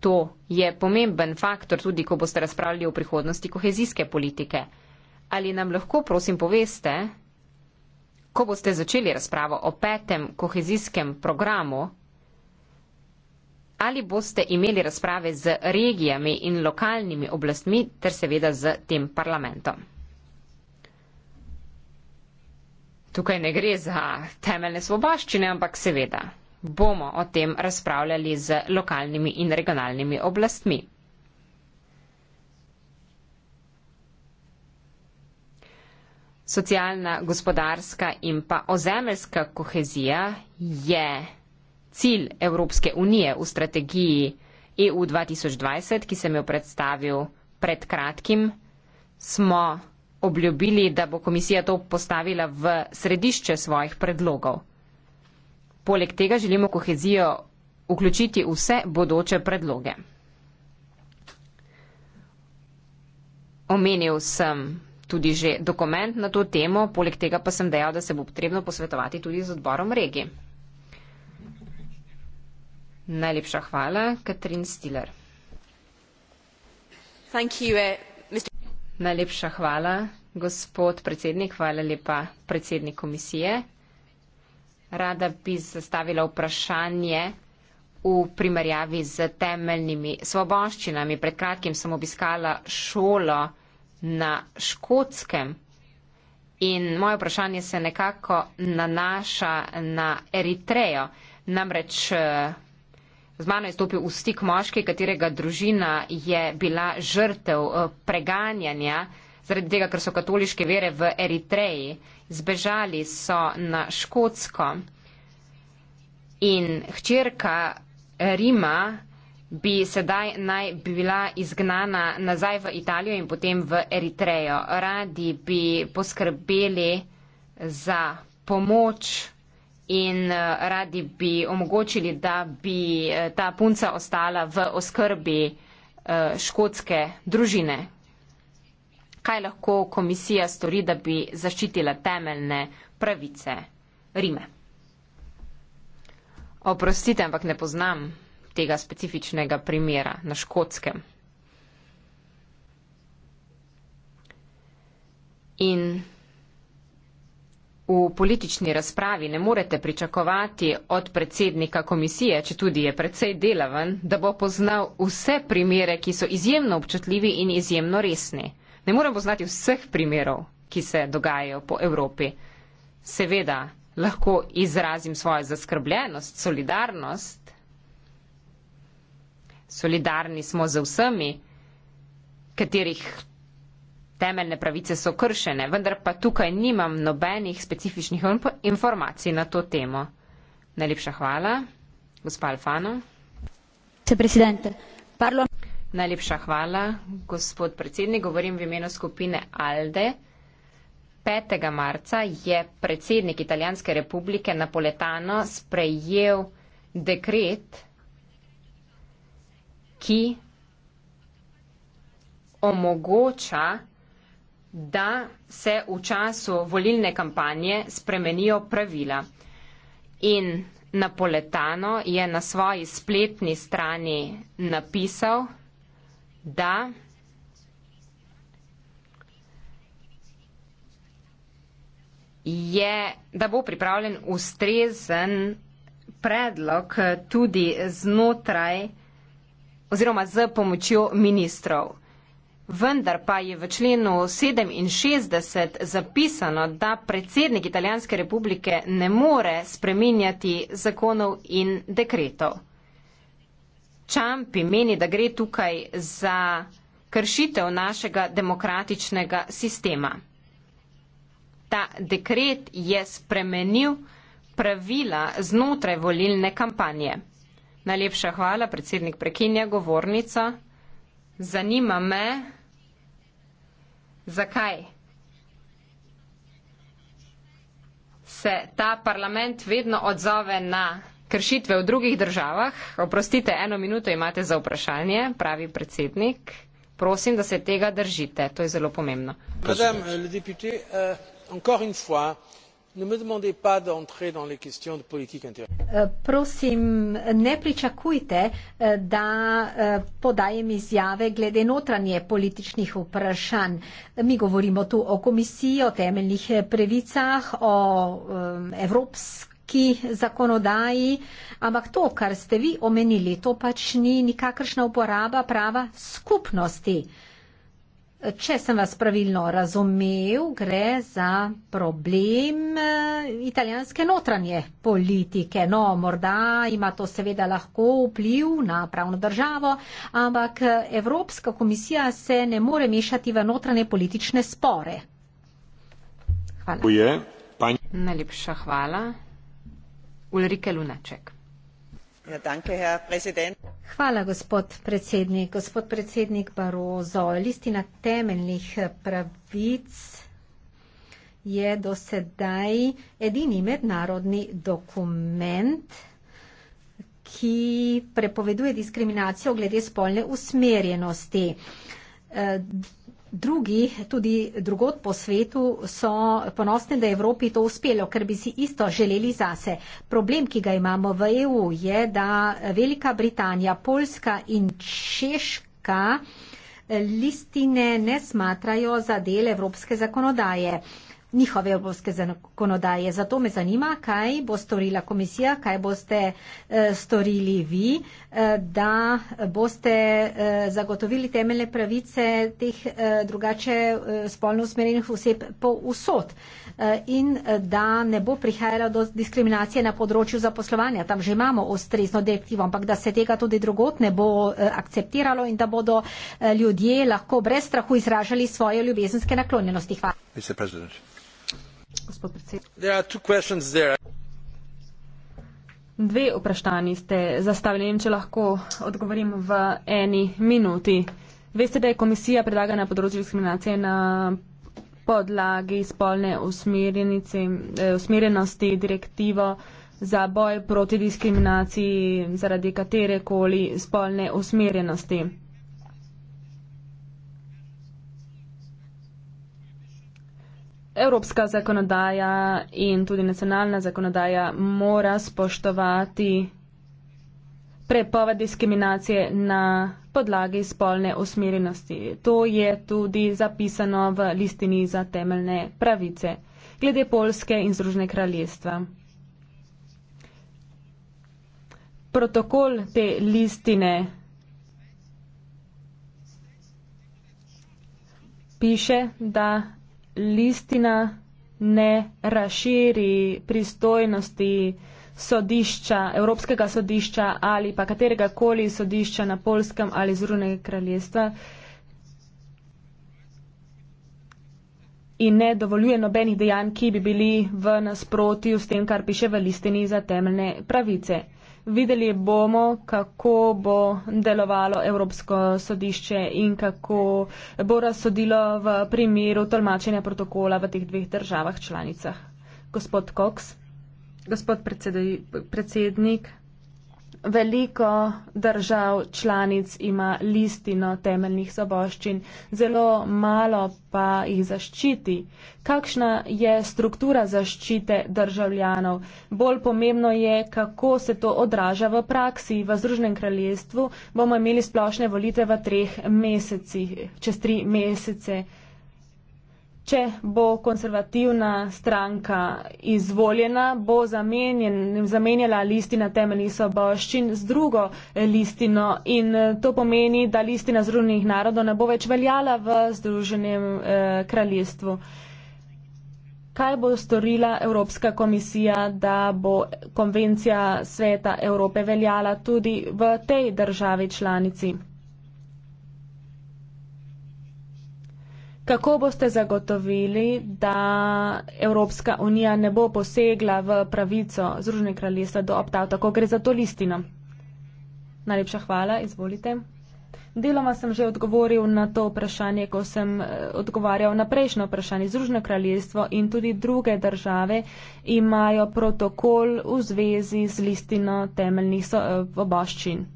A: To je pomemben faktor tudi, ko boste razpravljali o prihodnosti kohezijske politike. Ali nam lahko, prosim, poveste, ko boste začeli razpravo o petem kohezijskem programu, ali boste imeli razprave z regijami in lokalnimi oblastmi ter seveda z tem parlamentom? Tukaj ne gre za temeljne svoboščine, ampak seveda bomo o tem razpravljali z lokalnimi in regionalnimi oblastmi. Socialna, gospodarska in pa ozemeljska kohezija je cilj Evropske unije v strategiji EU 2020, ki sem jo predstavil pred kratkim. Smo obljubili, da bo komisija to postavila v središče svojih predlogov. Poleg tega želimo kohezijo vključiti vse bodoče predloge. Omenil sem tudi že dokument na to temo, poleg tega pa sem dejal, da se bo potrebno posvetovati tudi z odborom regi. Najlepša hvala, Katrin Stiller.
C: Thank you, eh,
A: Najlepša hvala, gospod predsednik. Hvala lepa predsednik komisije. Rada bi zastavila vprašanje v primerjavi z temeljnimi svoboščinami. Pred kratkim sem obiskala šolo na škotskem in moje vprašanje se nekako nanaša na Eritrejo. Namreč Z mano je stopil v stik moški, katerega družina je bila žrtev eh, preganjanja zaradi tega, ker so katoliške vere v Eritreji. Zbežali so na Škotsko in hčerka Rima bi sedaj naj bila izgnana nazaj v Italijo in potem v Eritrejo. Radi bi poskrbeli za pomoč in eh, radi bi omogočili, da bi eh, ta punca ostala v oskrbi eh, škotske družine. Kaj lahko komisija stori, da bi zaščitila temeljne pravice Rime? Oprostite, ampak ne poznam tega specifičnega primera na škotskem. In V politični razpravi ne morete pričakovati od predsednika komisije, če tudi je predvsej delaven, da bo poznal vse primere, ki so izjemno občutljivi in izjemno resni. Ne moremo poznati vseh primerov, ki se dogajajo po Evropi. Seveda lahko izrazim svojo zaskrbljenost, solidarnost. Solidarni smo z vsemi, katerih temeljne pravice so kršene, vendar pa tukaj nimam nobenih specifičnih informacij na to temo. Najlepša hvala, gospa Alfano. Najlepša hvala, gospod predsednik. Govorim v imenu skupine ALDE. 5. marca je predsednik Italijanske republike Napoletano sprejel dekret, ki omogoča da se v času volilne kampanje spremenijo pravila. In Napoletano je na svoji spletni strani napisal, da je, da bo pripravljen ustrezen predlog tudi znotraj oziroma z pomočjo ministrov. Vendar pa je v členu 67 zapisano, da predsednik Italijanske republike ne more spreminjati zakonov in dekretov. Čampi meni, da gre tukaj za kršitev našega demokratičnega sistema. Ta dekret je spremenil pravila znotraj volilne kampanje. Najlepša hvala, predsednik prekinja govornico. Zanima me, Zakaj? Se ta parlament vedno odzove na kršitve v drugih državah? Oprostite, eno minuto imate za vprašanje, pravi predsednik. Prosim, da se tega držite. To je zelo pomembno. Madame,
B: Ne me demandez pas d'entrer dans les questions de politique intérieure. Eh, prosim, ne pričakujte, eh, da eh, podajem izjave glede notranje političnih vprašanj. Mi govorimo tu o komisiji, o temeljnih previcah, o evropski zakonodaji, ampak to, kar ste vi omenili, to pač ni nikakršna uporaba prava skupnosti. Če sem vas pravilno razumel, gre za problem eh, italijanske notranje politike. No, morda ima to seveda lahko vpliv na pravno državo, ampak eh, Evropska komisija se ne more mešati v notranje politične spore.
A: Hvala. Najlepša hvala. Ulrike Lunaček. Ja,
B: Hvala, gospod predsednik. Gospod predsednik Barozo, listina temeljnih pravic je do sedaj edini mednarodni dokument, ki prepoveduje diskriminacijo glede spolne usmerjenosti. Eh, drugi, tudi drugot po svetu, so ponosni, da je Evropi to uspelo, ker bi si isto želeli zase. Problem, ki ga imamo v EU, je, da Velika Britanija, Poljska in Češka listine ne smatrajo za del evropske zakonodaje njihove evropske zakonodaje. Zato me zanima, kaj bo storila komisija, kaj boste eh, storili vi, eh, da boste eh, zagotovili temeljne pravice teh drugače spolno usmerjenih oseb po vsot in da ne bo prihajalo do diskriminacije na področju zaposlovanja. Tam že imamo ustrezno direktivo, ampak da se tega tudi drugot ne bo akceptiralo in da bodo ljudje lahko brez strahu izražali svoje ljubezenske naklonjenosti. Hvala. Mr. President.
C: Dve vprašanji ste zastavili, če lahko odgovorim v eni minuti. Veste, da je komisija predlagana na področju diskriminacije na podlagi spolne eh, usmerjenosti direktivo za boj proti diskriminaciji zaradi katerekoli spolne usmerjenosti. evropska zakonodaja in tudi nacionalna zakonodaja mora spoštovati prepoved diskriminacije na podlagi spolne usmerjenosti. To je tudi zapisano v listini za temeljne pravice glede Polske in Združne kraljestva. Protokol te listine piše, da listina ne razširi pristojnosti sodišča, Evropskega sodišča ali pa katerega koli sodišča na Polskem ali zrune kraljestva in ne dovoljuje nobenih dejanj, ki bi bili v nasprotju s tem, kar piše v listini za temeljne pravice. Videli bomo, kako bo delovalo Evropsko sodišče in kako bo razsodilo v primeru tolmačenja protokola v teh dveh državah članicah. Gospod Cox, gospod predsednik, veliko držav članic ima listino temeljnih svoboščin, zelo malo pa jih zaščiti. Kakšna je struktura zaščite državljanov? Bolj pomembno je, kako se to odraža v praksi. V Združenem kraljestvu bomo imeli splošne volitve v treh mesecih, čez tri mesece. Če bo konservativna stranka izvoljena, bo zamenjala listina temeljnih soboščin z drugo listino in eh, to pomeni, da listina Združenih narodov ne bo več veljala v Združenem eh, kraljestvu. Kaj bo storila Evropska komisija, da bo konvencija sveta Evrope veljala tudi v tej državi članici? Kako boste zagotovili, da Evropska unija ne bo posegla v pravico Združene kraljestva do optav, tako gre za to listino? Najlepša hvala, izvolite. Deloma sem že odgovoril na to vprašanje, ko sem eh, odgovarjal na prejšnjo vprašanje. Združeno kraljestvo in tudi druge države imajo protokol v zvezi z listino temeljnih oboščin. So, eh,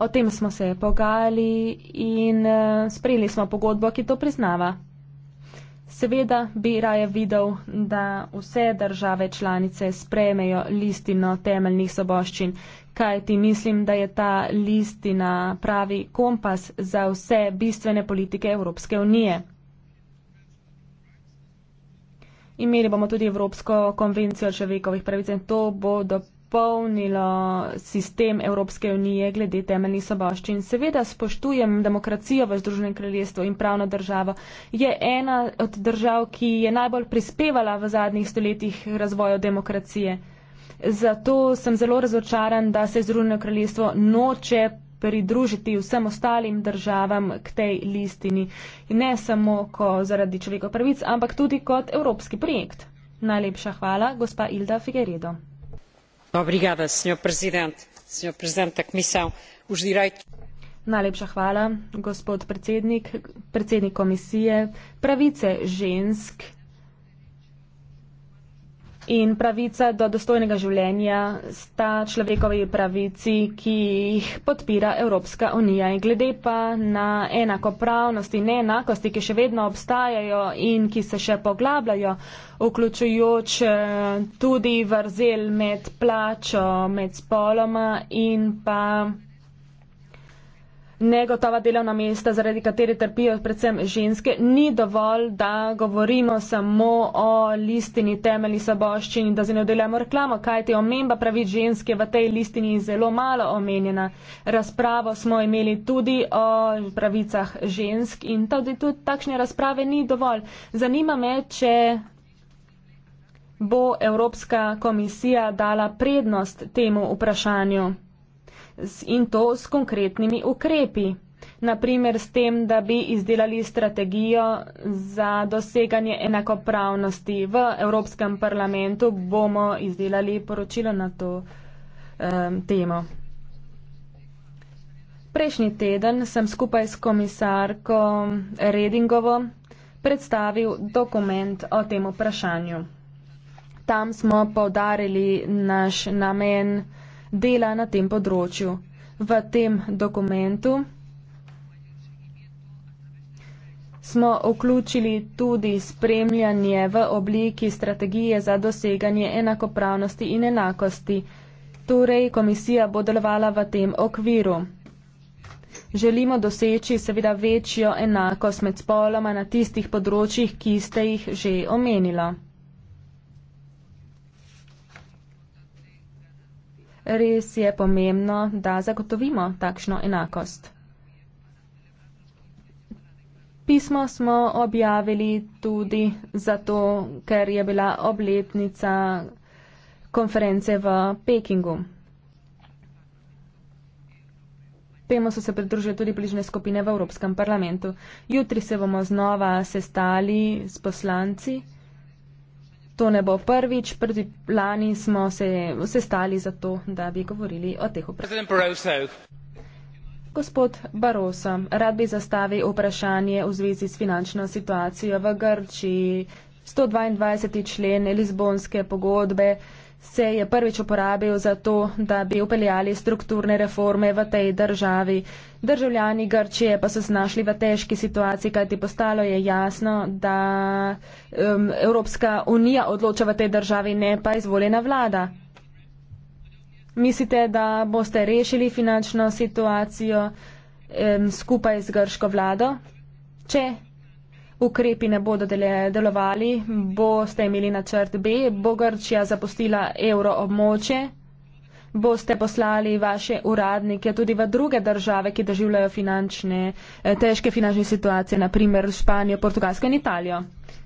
C: O tem smo se pogajali in eh, sprejeli smo pogodbo, ki to priznava. Seveda bi raje videl, da vse države članice sprejmejo listino temeljnih soboščin, kaj ti mislim, da je ta listina pravi kompas za vse bistvene politike Evropske unije. Imeli bomo tudi Evropsko konvencijo o človekovih pravicah in to bo dopisano dopolnilo sistem Evropske unije glede temeljnih soboščin. Seveda spoštujem demokracijo v Združenem kraljestvu in pravno državo. Je ena od držav, ki je najbolj prispevala v zadnjih stoletjih razvoju demokracije. Zato sem zelo razočaran, da se Združeno kraljestvo noče pridružiti vsem ostalim državam k tej listini. Ne samo zaradi človekov pravic, ampak tudi kot evropski projekt. Najlepša hvala, gospa Ilda Figueredo
A: gospod
C: predsednik gospod predsednik komisije pravilno ste poudarili da pravice žensk niso le pravica do življenja ampak tudi pravica do zdravja. In pravica do dostojnega življenja sta človekovi pravici, ki jih podpira Evropska unija. In glede pa na enakopravnost in neenakosti, ki še vedno obstajajo in ki se še poglabljajo, vključujoč eh, tudi vrzel med plačo, med spoloma in pa negotova delovna mesta, zaradi katere trpijo predvsem ženske, ni dovolj, da govorimo samo o listini temeljni saboščini, da z njo delujemo reklamo, kajti omemba pravi ženske v tej listini je zelo malo omenjena. Razpravo smo imeli tudi o pravicah žensk in tudi tudi takšne razprave ni dovolj. Zanima me, če bo Evropska komisija dala prednost temu vprašanju in to s konkretnimi ukrepi. Naprimer s tem, da bi izdelali strategijo za doseganje enakopravnosti. V Evropskem parlamentu bomo izdelali poročilo na to um, temo. Prejšnji teden sem skupaj s komisarko Redingovo predstavil dokument o tem vprašanju. Tam smo povdarili naš namen dela na tem področju. V tem dokumentu smo vključili tudi spremljanje v obliki strategije za doseganje enakopravnosti in enakosti. Torej, komisija bo delovala v tem okviru. Želimo doseči seveda večjo enakost med spoloma na tistih področjih, ki ste jih že omenila. res je pomembno, da zagotovimo takšno enakost. Pismo smo objavili tudi zato, ker je bila obletnica konference v Pekingu. Temu so se pridružile tudi bližne skupine v Evropskem parlamentu. Jutri se bomo znova sestali s poslanci to ne bo prvič. Prvi lani smo se sestali za to, da bi govorili o teh vprašanjih. Gospod Barosa, rad bi zastavil vprašanje v zvezi s finančno situacijo v Grčiji. 122. člen Lizbonske pogodbe se je prvič uporabil za to, da bi upeljali strukturne reforme v tej državi. Državljani Grčije pa so se znašli v težki situaciji, kajti postalo je jasno, da um, Evropska unija odloča v tej državi, ne pa izvoljena vlada. Mislite, da boste rešili finančno situacijo um, skupaj z grško vlado? Če ukrepi ne bodo delovali, boste imeli načrt B, bo Grčija zapustila evro območje, boste poslali vaše uradnike tudi v druge države, ki doživljajo finančne, eh, težke finančne situacije, naprimer Španijo, Portugalsko in Italijo.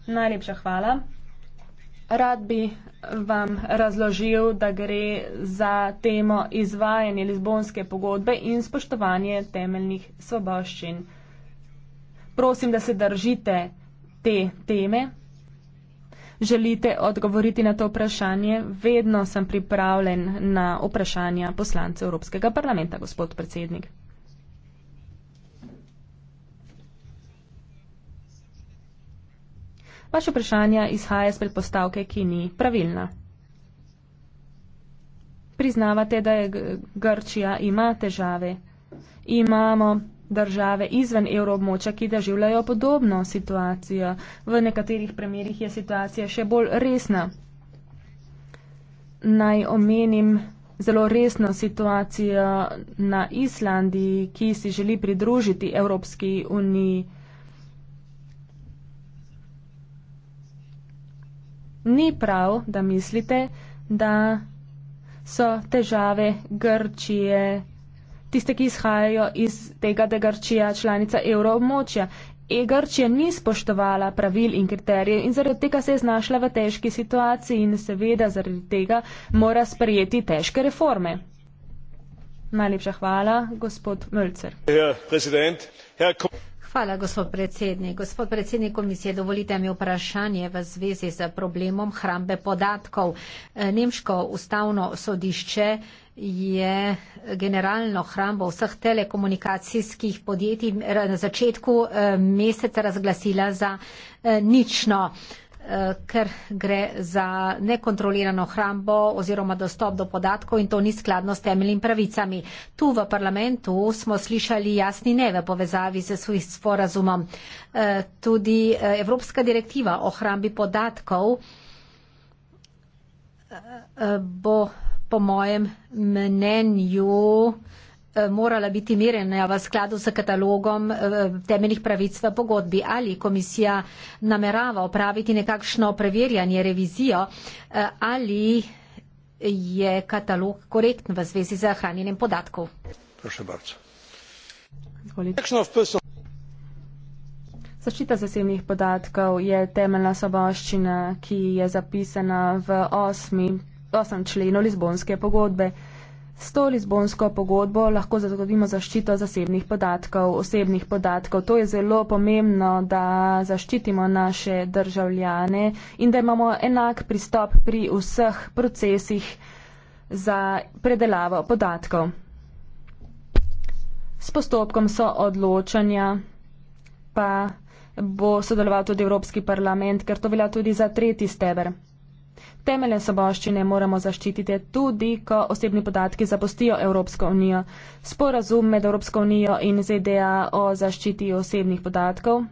C: Najlepša hvala. Rad bi vam razložil, da gre za temo izvajanje Lizbonske pogodbe in spoštovanje temeljnih svoboščin prosim, da se držite te teme. Želite odgovoriti na to vprašanje? Vedno sem pripravljen na vprašanja poslance Evropskega parlamenta, gospod predsednik. Vaše vprašanje izhaja iz predpostavke, ki ni pravilna. Priznavate, da je Grčija ima težave. Imamo države izven evroobmoča, ki doživljajo podobno situacijo. V nekaterih primerjih je situacija še bolj resna. Naj omenim zelo resno situacijo na Islandiji, ki si želi pridružiti Evropski uniji. Ni prav, da mislite, da so težave Grčije tiste, ki izhajajo iz tega, da je Grčija članica evroobmočja. E-Grčija ni spoštovala pravil in kriterijev in zaradi tega se je znašla v težki situaciji in seveda zaradi tega mora sprejeti težke reforme. Najlepša hvala, gospod Mölcer.
A: Herr
B: Hvala, gospod predsednik. Gospod predsednik komisije, dovolite mi vprašanje v zvezi z problemom hrambe podatkov. Eh, nemško ustavno sodišče je generalno hrambo vseh telekomunikacijskih podjetij eh, na začetku eh, meseca razglasila za nično. Eh, ker gre za nekontrolirano hrambo oziroma dostop do podatkov in to ni skladno s temeljnim pravicami. Tu v parlamentu smo slišali jasni ne v povezavi z svojim sporazumom. Eh, tudi eh, Evropska direktiva o hrambi podatkov bo po mojem mnenju Eh, morala biti merjena v skladu s katalogom eh, temeljnih pravic v pogodbi. Ali komisija namerava opraviti nekakšno preverjanje, revizijo, eh, ali je katalog
C: korektn v zvezi z ohranjenjem podatkov. Zaščita zasebnih podatkov je temeljna soboščina, ki je zapisana v 8. členu Lizbonske pogodbe. S to Lizbonsko pogodbo lahko zagotovimo zaščito zasebnih podatkov, osebnih podatkov. To je zelo pomembno, da zaščitimo naše državljane in da imamo enak pristop pri vseh procesih za predelavo podatkov. S postopkom so odločanja pa bo sodeloval tudi Evropski parlament, ker to velja tudi za tretji steber temeljne soboščine moramo zaščititi tudi, ko osebni podatki zapustijo Evropsko unijo. Sporazum med Evropsko unijo in ZDA o zaščiti osebnih podatkov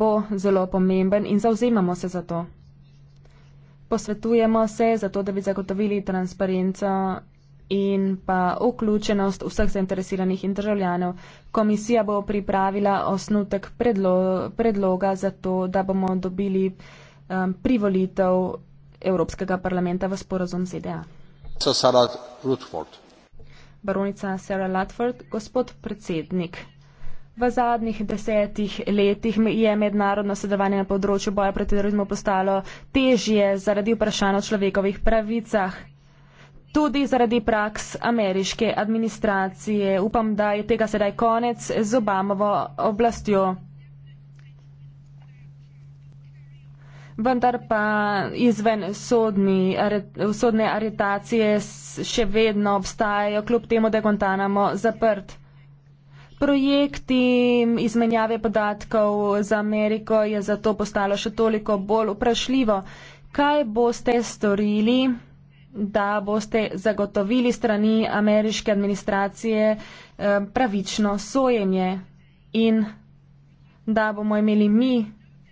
C: bo zelo pomemben in zauzemamo se za to. Posvetujemo se za to, da bi zagotovili transparenco in pa vključenost vseh zainteresiranih in državljanov. Komisija bo pripravila osnutek predlo predloga za to, da bomo dobili um, privolitev Evropskega parlamenta v sporozum ZDA. Baronica Sarah Latford, gospod predsednik. V zadnjih desetih letih je mednarodno sodelovanje na področju boja proti terorizmu postalo težje zaradi vprašanja o človekovih pravicah tudi zaradi praks ameriške administracije. Upam, da je tega sedaj konec z Obamovo oblastjo. Vendar pa izven sodni, aret, sodne aretacije še vedno obstajajo, kljub temu, da je Guantanamo zaprt. Projekti izmenjave podatkov za Ameriko je zato postalo še toliko bolj vprašljivo. Kaj boste storili? da boste zagotovili strani ameriške administracije eh, pravično sojenje in da bomo imeli mi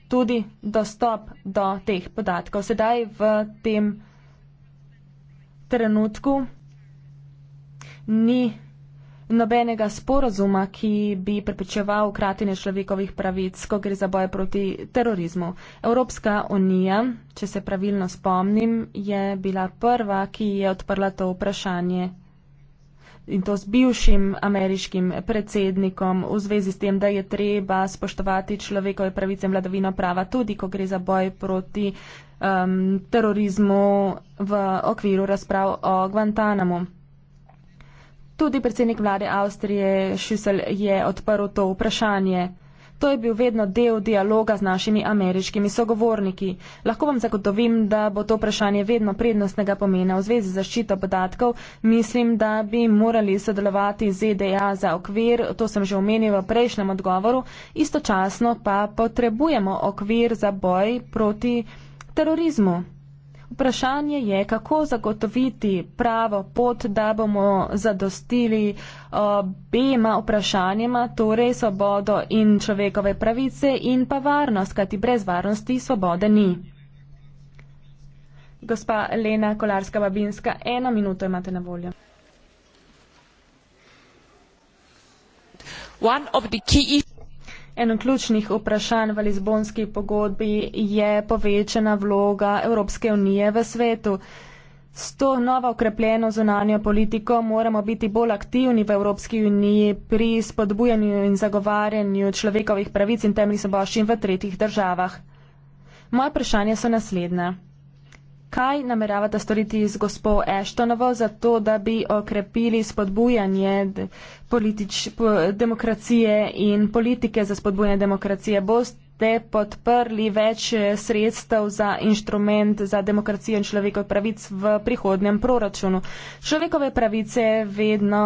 C: tudi dostop do teh podatkov. Sedaj v tem trenutku ni nobenega sporozuma, ki bi prepečeval kratenje človekovih pravic, ko gre za boj proti terorizmu. Evropska unija, če se pravilno spomnim, je bila prva, ki je odprla to vprašanje in to z bivšim ameriškim predsednikom v zvezi s tem, da je treba spoštovati človekove pravice in vladavino prava, tudi ko gre za boj proti um, terorizmu v okviru razprav o Guantanamo. Tudi predsednik vlade Avstrije Šusel je odprl to vprašanje. To je bil vedno del dialoga z našimi ameriškimi sogovorniki. Lahko vam zagotovim, da bo to vprašanje vedno prednostnega pomena v zvezi z zaščito podatkov. Mislim, da bi morali sodelovati z ZDA za okvir, to sem že omenil v prejšnjem odgovoru, istočasno pa potrebujemo okvir za boj proti terorizmu. Vprašanje je, kako zagotoviti pravo pot, da bomo zadostili eh, obema vprašanjima, torej svobodo in človekove pravice in pa varnost, kajti brez varnosti svobode ni. Gospa Lena Kolarska-Babinska, eno minuto imate na voljo. One of the key issues Eno ključnih vprašanj v Lizbonski pogodbi je povečana vloga Evropske unije v svetu. S to novo okrepljeno zunanjo politiko moramo biti bolj aktivni v Evropski uniji pri spodbujanju in zagovarjanju človekovih pravic in temeljnih svoboščin v tretjih državah. Moje vprašanje so naslednje. Kaj nameravate storiti z gospod Eštonovo za to, da bi okrepili spodbujanje politič, po, demokracije in politike za spodbujanje demokracije? Boste ste podprli več eh, sredstev za inštrument za demokracijo in človekov pravic v prihodnjem proračunu. Človekove pravice vedno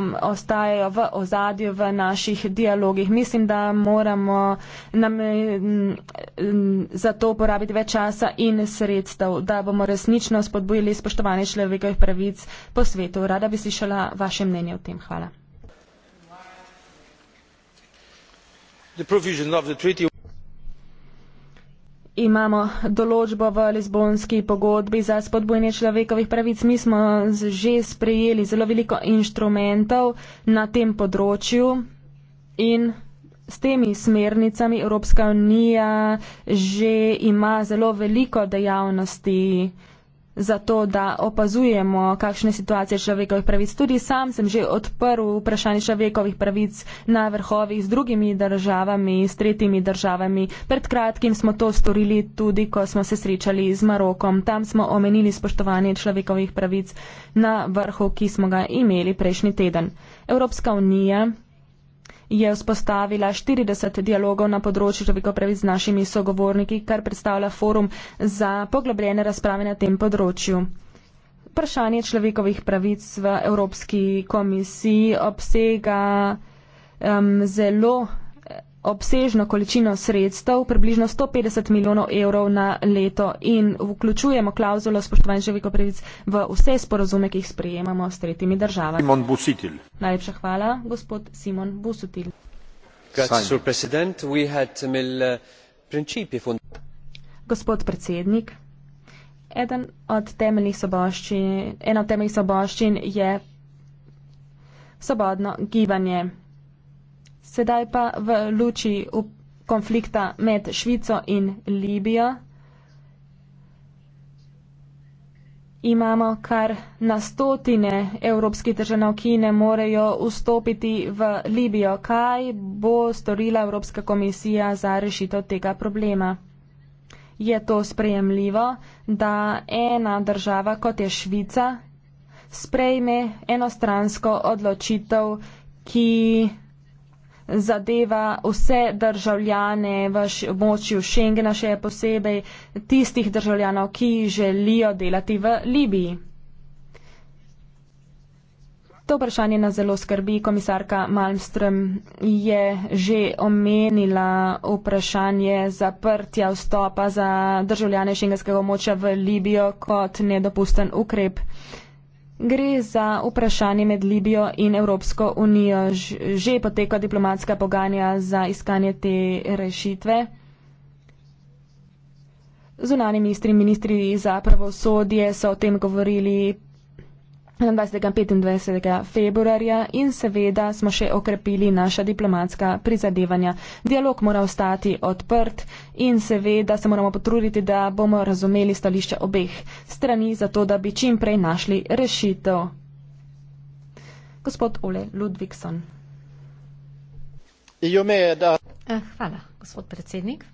C: mm, ostajajo v ozadju v naših dialogih. Mislim, da moramo nam eh, mm, mm, za to porabiti več časa in sredstev, da bomo resnično spodbojili spoštovanje človekovih pravic po svetu. Rada bi slišala vaše mnenje o tem. Hvala.
B: The provision of the treaty
C: imamo določbo v Lizbonski pogodbi za spodbojanje človekovih pravic. Mi smo že sprejeli zelo veliko inštrumentov na tem področju in s temi smernicami Evropska unija že ima zelo veliko dejavnosti za to, da opazujemo, kakšne situacije človekovih pravic. Tudi sam sem že odprl vprašanje človekovih pravic na vrhovih z drugimi državami, s tretjimi državami. Pred kratkim smo to storili tudi, ko smo se srečali z Marokom. Tam smo omenili spoštovanje človekovih pravic na vrhu, ki smo ga imeli prejšnji teden. Evropska unija je vzpostavila 40 dialogov na področju človekov pravic z našimi sogovorniki, kar predstavlja forum za poglobljene razprave na tem področju. Vprašanje človekovih pravic v Evropski komisiji obsega um, zelo obsežno količino sredstev, približno 150 milijonov evrov na leto in vključujemo klauzulo spoštovanja človekovih pravic v vse sporozume, ki jih sprejemamo s tretjimi državami. Simon Busutil. Najlepša hvala, gospod Simon Busutil. Um, uh, gospod predsednik, od ena od temeljnih soboščin je svobodno gibanje. Sedaj pa v luči konflikta med Švico in Libijo imamo kar na stotine evropskih državljanov, ki ne morejo vstopiti v Libijo. Kaj bo storila Evropska komisija za rešitev tega problema? Je to sprejemljivo, da ena država kot je Švica sprejme enostransko odločitev, ki zadeva vse državljane v območju Schengena, še posebej tistih državljanov, ki želijo delati v Libiji. To vprašanje nas zelo skrbi. Komisarka Malmström je že omenila vprašanje zaprtja vstopa za državljane šengenskega območja v Libijo kot nedopusten ukrep. Gre za vprašanje med Libijo in Evropsko unijo. Že poteka diplomatska pogajanja za iskanje te rešitve. Zunani ministri in ministri za pravosodje so o tem govorili 21. in 25. februarja in seveda smo še okrepili naša diplomatska prizadevanja. Dialog mora ostati odprt in seveda se moramo potruditi, da bomo razumeli stališče obeh strani, zato da bi čim prej našli rešitev. Gospod Ole Ludvikson.
A: Eh,
B: hvala, gospod predsednik.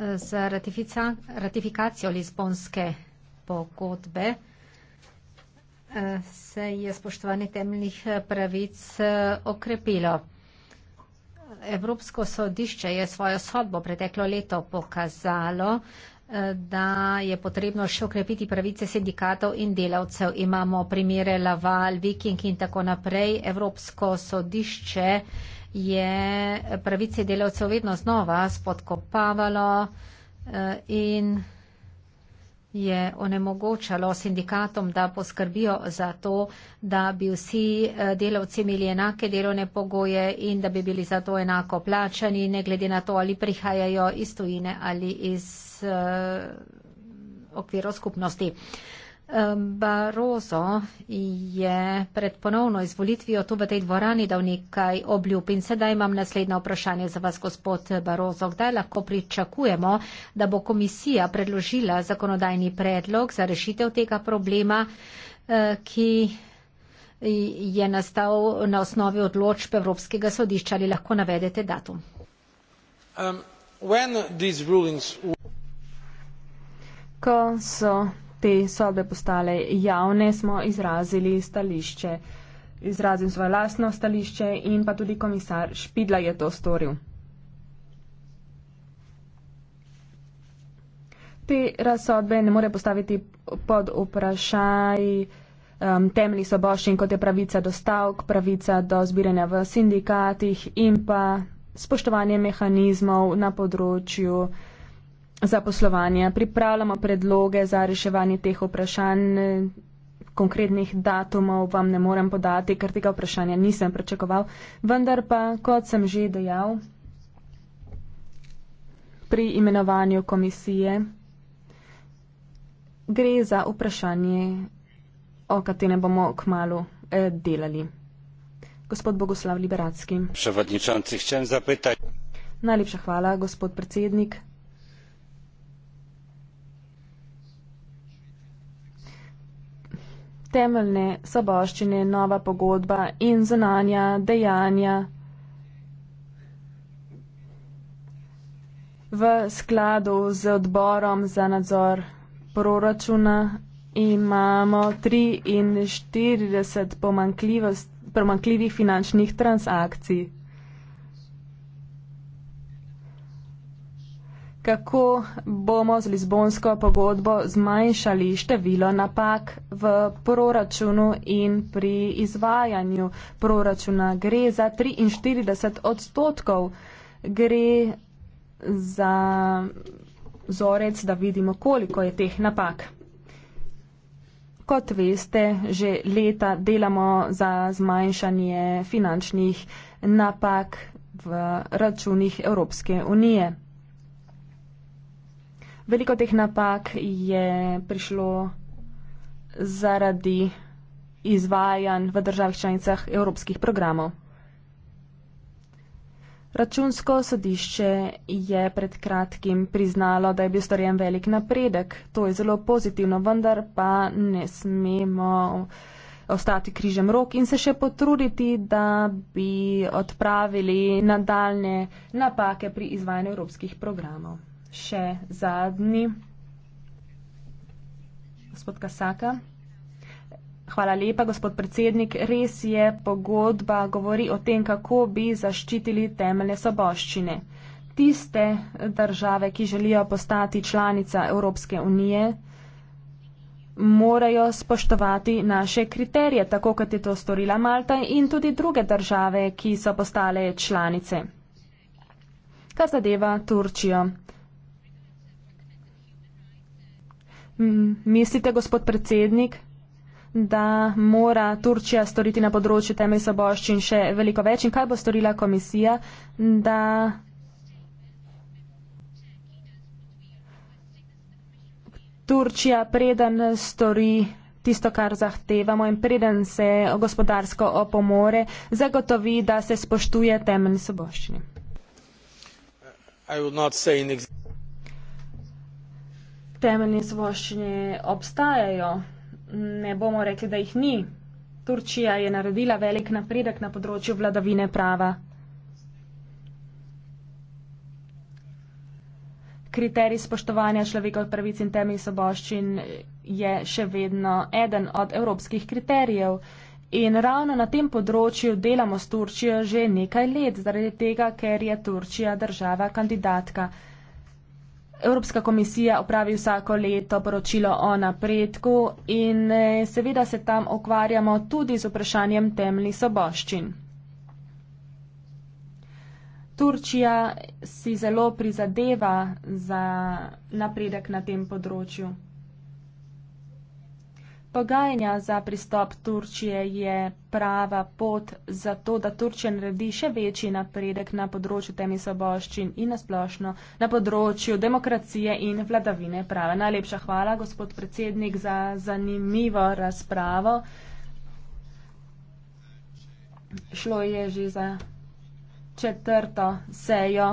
B: Eh, za ratifica, ratifikacijo Lizbonske pogodbe se je spoštovanje temeljnih eh, pravic eh, okrepilo. Evropsko sodišče je svojo sodbo preteklo leto pokazalo, eh, da je potrebno še okrepiti pravice sindikatov in delavcev. Imamo primere Laval, Viking in tako naprej. Evropsko sodišče je pravice delavcev vedno znova spodkopavalo in je onemogočalo sindikatom, da poskrbijo za to, da bi vsi eh, delavci imeli enake delovne pogoje in da bi bili za to enako plačani, ne glede na to, ali prihajajo iz tujine ali iz uh, okvirov skupnosti. Uh, Barozo je pred ponovno izvolitvijo tu v tej dvorani dal nekaj obljub in sedaj imam naslednje vprašanje za vas, gospod Barozo. Kdaj lahko pričakujemo, da bo komisija predložila zakonodajni predlog za rešitev tega problema, eh, ki je nastal na osnovi odločb Evropskega sodišča? Ali
C: lahko navedete datum? Um, Ko so te sobe postale javne, smo izrazili stališče. Izrazim svoje lastno stališče in pa tudi komisar Špidla je to storil. Te razsodbe ne more postaviti pod vprašaj um, temeljih soboščin, kot je pravica do stavk, pravica do zbiranja v sindikatih in pa spoštovanje mehanizmov na področju za poslovanje. Pripravljamo predloge za reševanje teh vprašanj. Konkretnih datumov vam ne morem podati, ker tega vprašanja nisem pričakoval. Vendar pa, kot sem že dejal, pri imenovanju komisije gre za vprašanje, o katerem bomo kmalo eh, delali. Gospod Bogoslav Liberacki. Najlepša hvala, gospod predsednik. temeljne soboščine, nova pogodba in zunanja dejanja. V skladu z odborom za nadzor proračuna imamo 43 pomankljivih finančnih transakcij. kako bomo z Lizbonsko pogodbo zmanjšali število napak v proračunu in pri izvajanju proračuna. Gre za 43 odstotkov, gre za vzorec, da vidimo, koliko je teh napak. Kot veste, že leta delamo za zmanjšanje finančnih napak v računih Evropske unije. Veliko teh napak je prišlo zaradi izvajanj v državah članicah evropskih programov. Računsko sodišče je pred kratkim priznalo, da je bil storjen velik napredek. To je zelo pozitivno, vendar pa ne smemo ostati križem rok in se še potruditi, da bi odpravili nadaljne napake pri izvajanju evropskih programov še zadnji. Gospod Kasaka. Hvala lepa, gospod predsednik. Res je, pogodba govori o tem, kako bi zaščitili temeljne soboščine. Tiste države, ki želijo postati članica Evropske unije, morajo spoštovati naše kriterije, tako kot je to storila Malta in tudi druge države, ki so postale članice. Kar zadeva Turčijo. Mislite, gospod predsednik, da mora Turčija storiti na področju temelj soboščin še veliko več in kaj bo storila komisija, da Turčija preden stori tisto, kar zahtevamo in preden se gospodarsko opomore, zagotovi, da se spoštuje temelj soboščin? temeljne svoščine obstajajo. Ne bomo rekli, da jih ni. Turčija je naredila velik napredek na področju vladavine prava. Kriterij spoštovanja človekovih pravic in temeljnih svoboščin je še vedno eden od evropskih kriterijev. In ravno na tem področju delamo s Turčijo že nekaj let, zaradi tega, ker je Turčija država kandidatka. Evropska komisija upravi vsako leto poročilo o napredku in eh, seveda se tam okvarjamo tudi z vprašanjem temeljnih soboščin. Turčija si zelo prizadeva za napredek na tem področju. Pogajanja za pristop Turčije je prava pot za to, da Turčija naredi še večji napredek na področju temi soboščin in nasplošno na področju demokracije in vladavine prava. Najlepša hvala, gospod predsednik, za zanimivo razpravo. Šlo je že za četrto sejo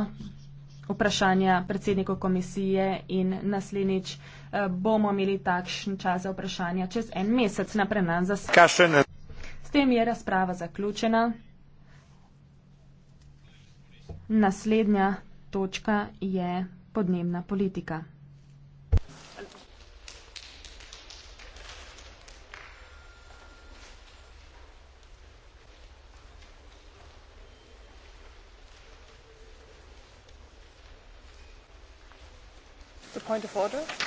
C: vprašanja predsedniku komisije in naslednjič. Eh, bomo imeli takšen čas za vprašanja čez en mesec na prenan zasedanje. S tem je razprava zaključena. Naslednja točka je podnebna politika.
B: The point of order.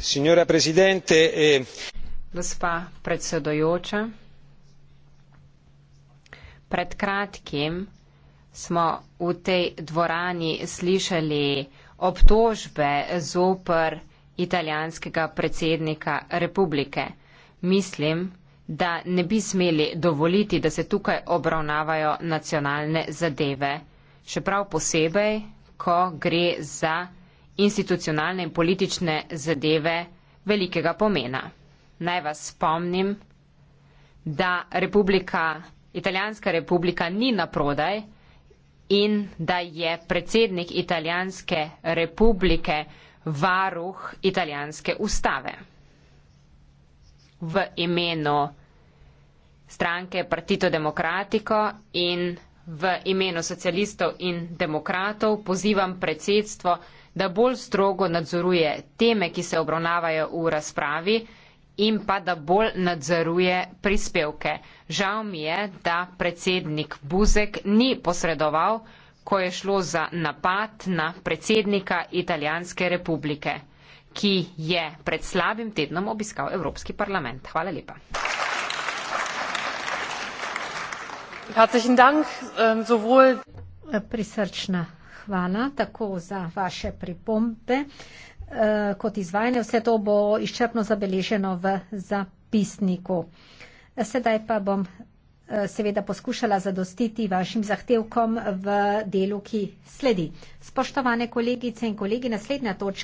C: Signora Presidente, e
A: gospa predsedojoča, pred kratkim smo v tej dvorani slišali obtožbe zoper italijanskega predsednika republike. Mislim, da ne bi smeli dovoliti, da se tukaj obravnavajo nacionalne zadeve, še prav posebej, ko gre za institucionalne in politične zadeve velikega pomena. Naj vas spomnim, da republika, italijanska republika ni na prodaj in da je predsednik italijanske republike varuh italijanske ustave. V imenu stranke Partito Demokratiko in v imenu socialistov in demokratov pozivam predsedstvo, da bolj strogo nadzoruje teme, ki se obravnavajo v razpravi in pa da bolj nadzoruje prispevke. Žal mi je, da predsednik Buzek ni posredoval, ko je šlo za napad na predsednika Italijanske republike, ki je pred slabim tednom obiskal Evropski parlament. Hvala lepa. Ähm,
B: Prisrčna hvala tako za vaše pripombe eh, kot izvajanje. Vse to bo izčrpno zabeleženo v zapisniku. Sedaj pa bom eh, seveda poskušala zadostiti vašim zahtevkom v delu, ki sledi. Spoštovane kolegice in kolegi, naslednja točka.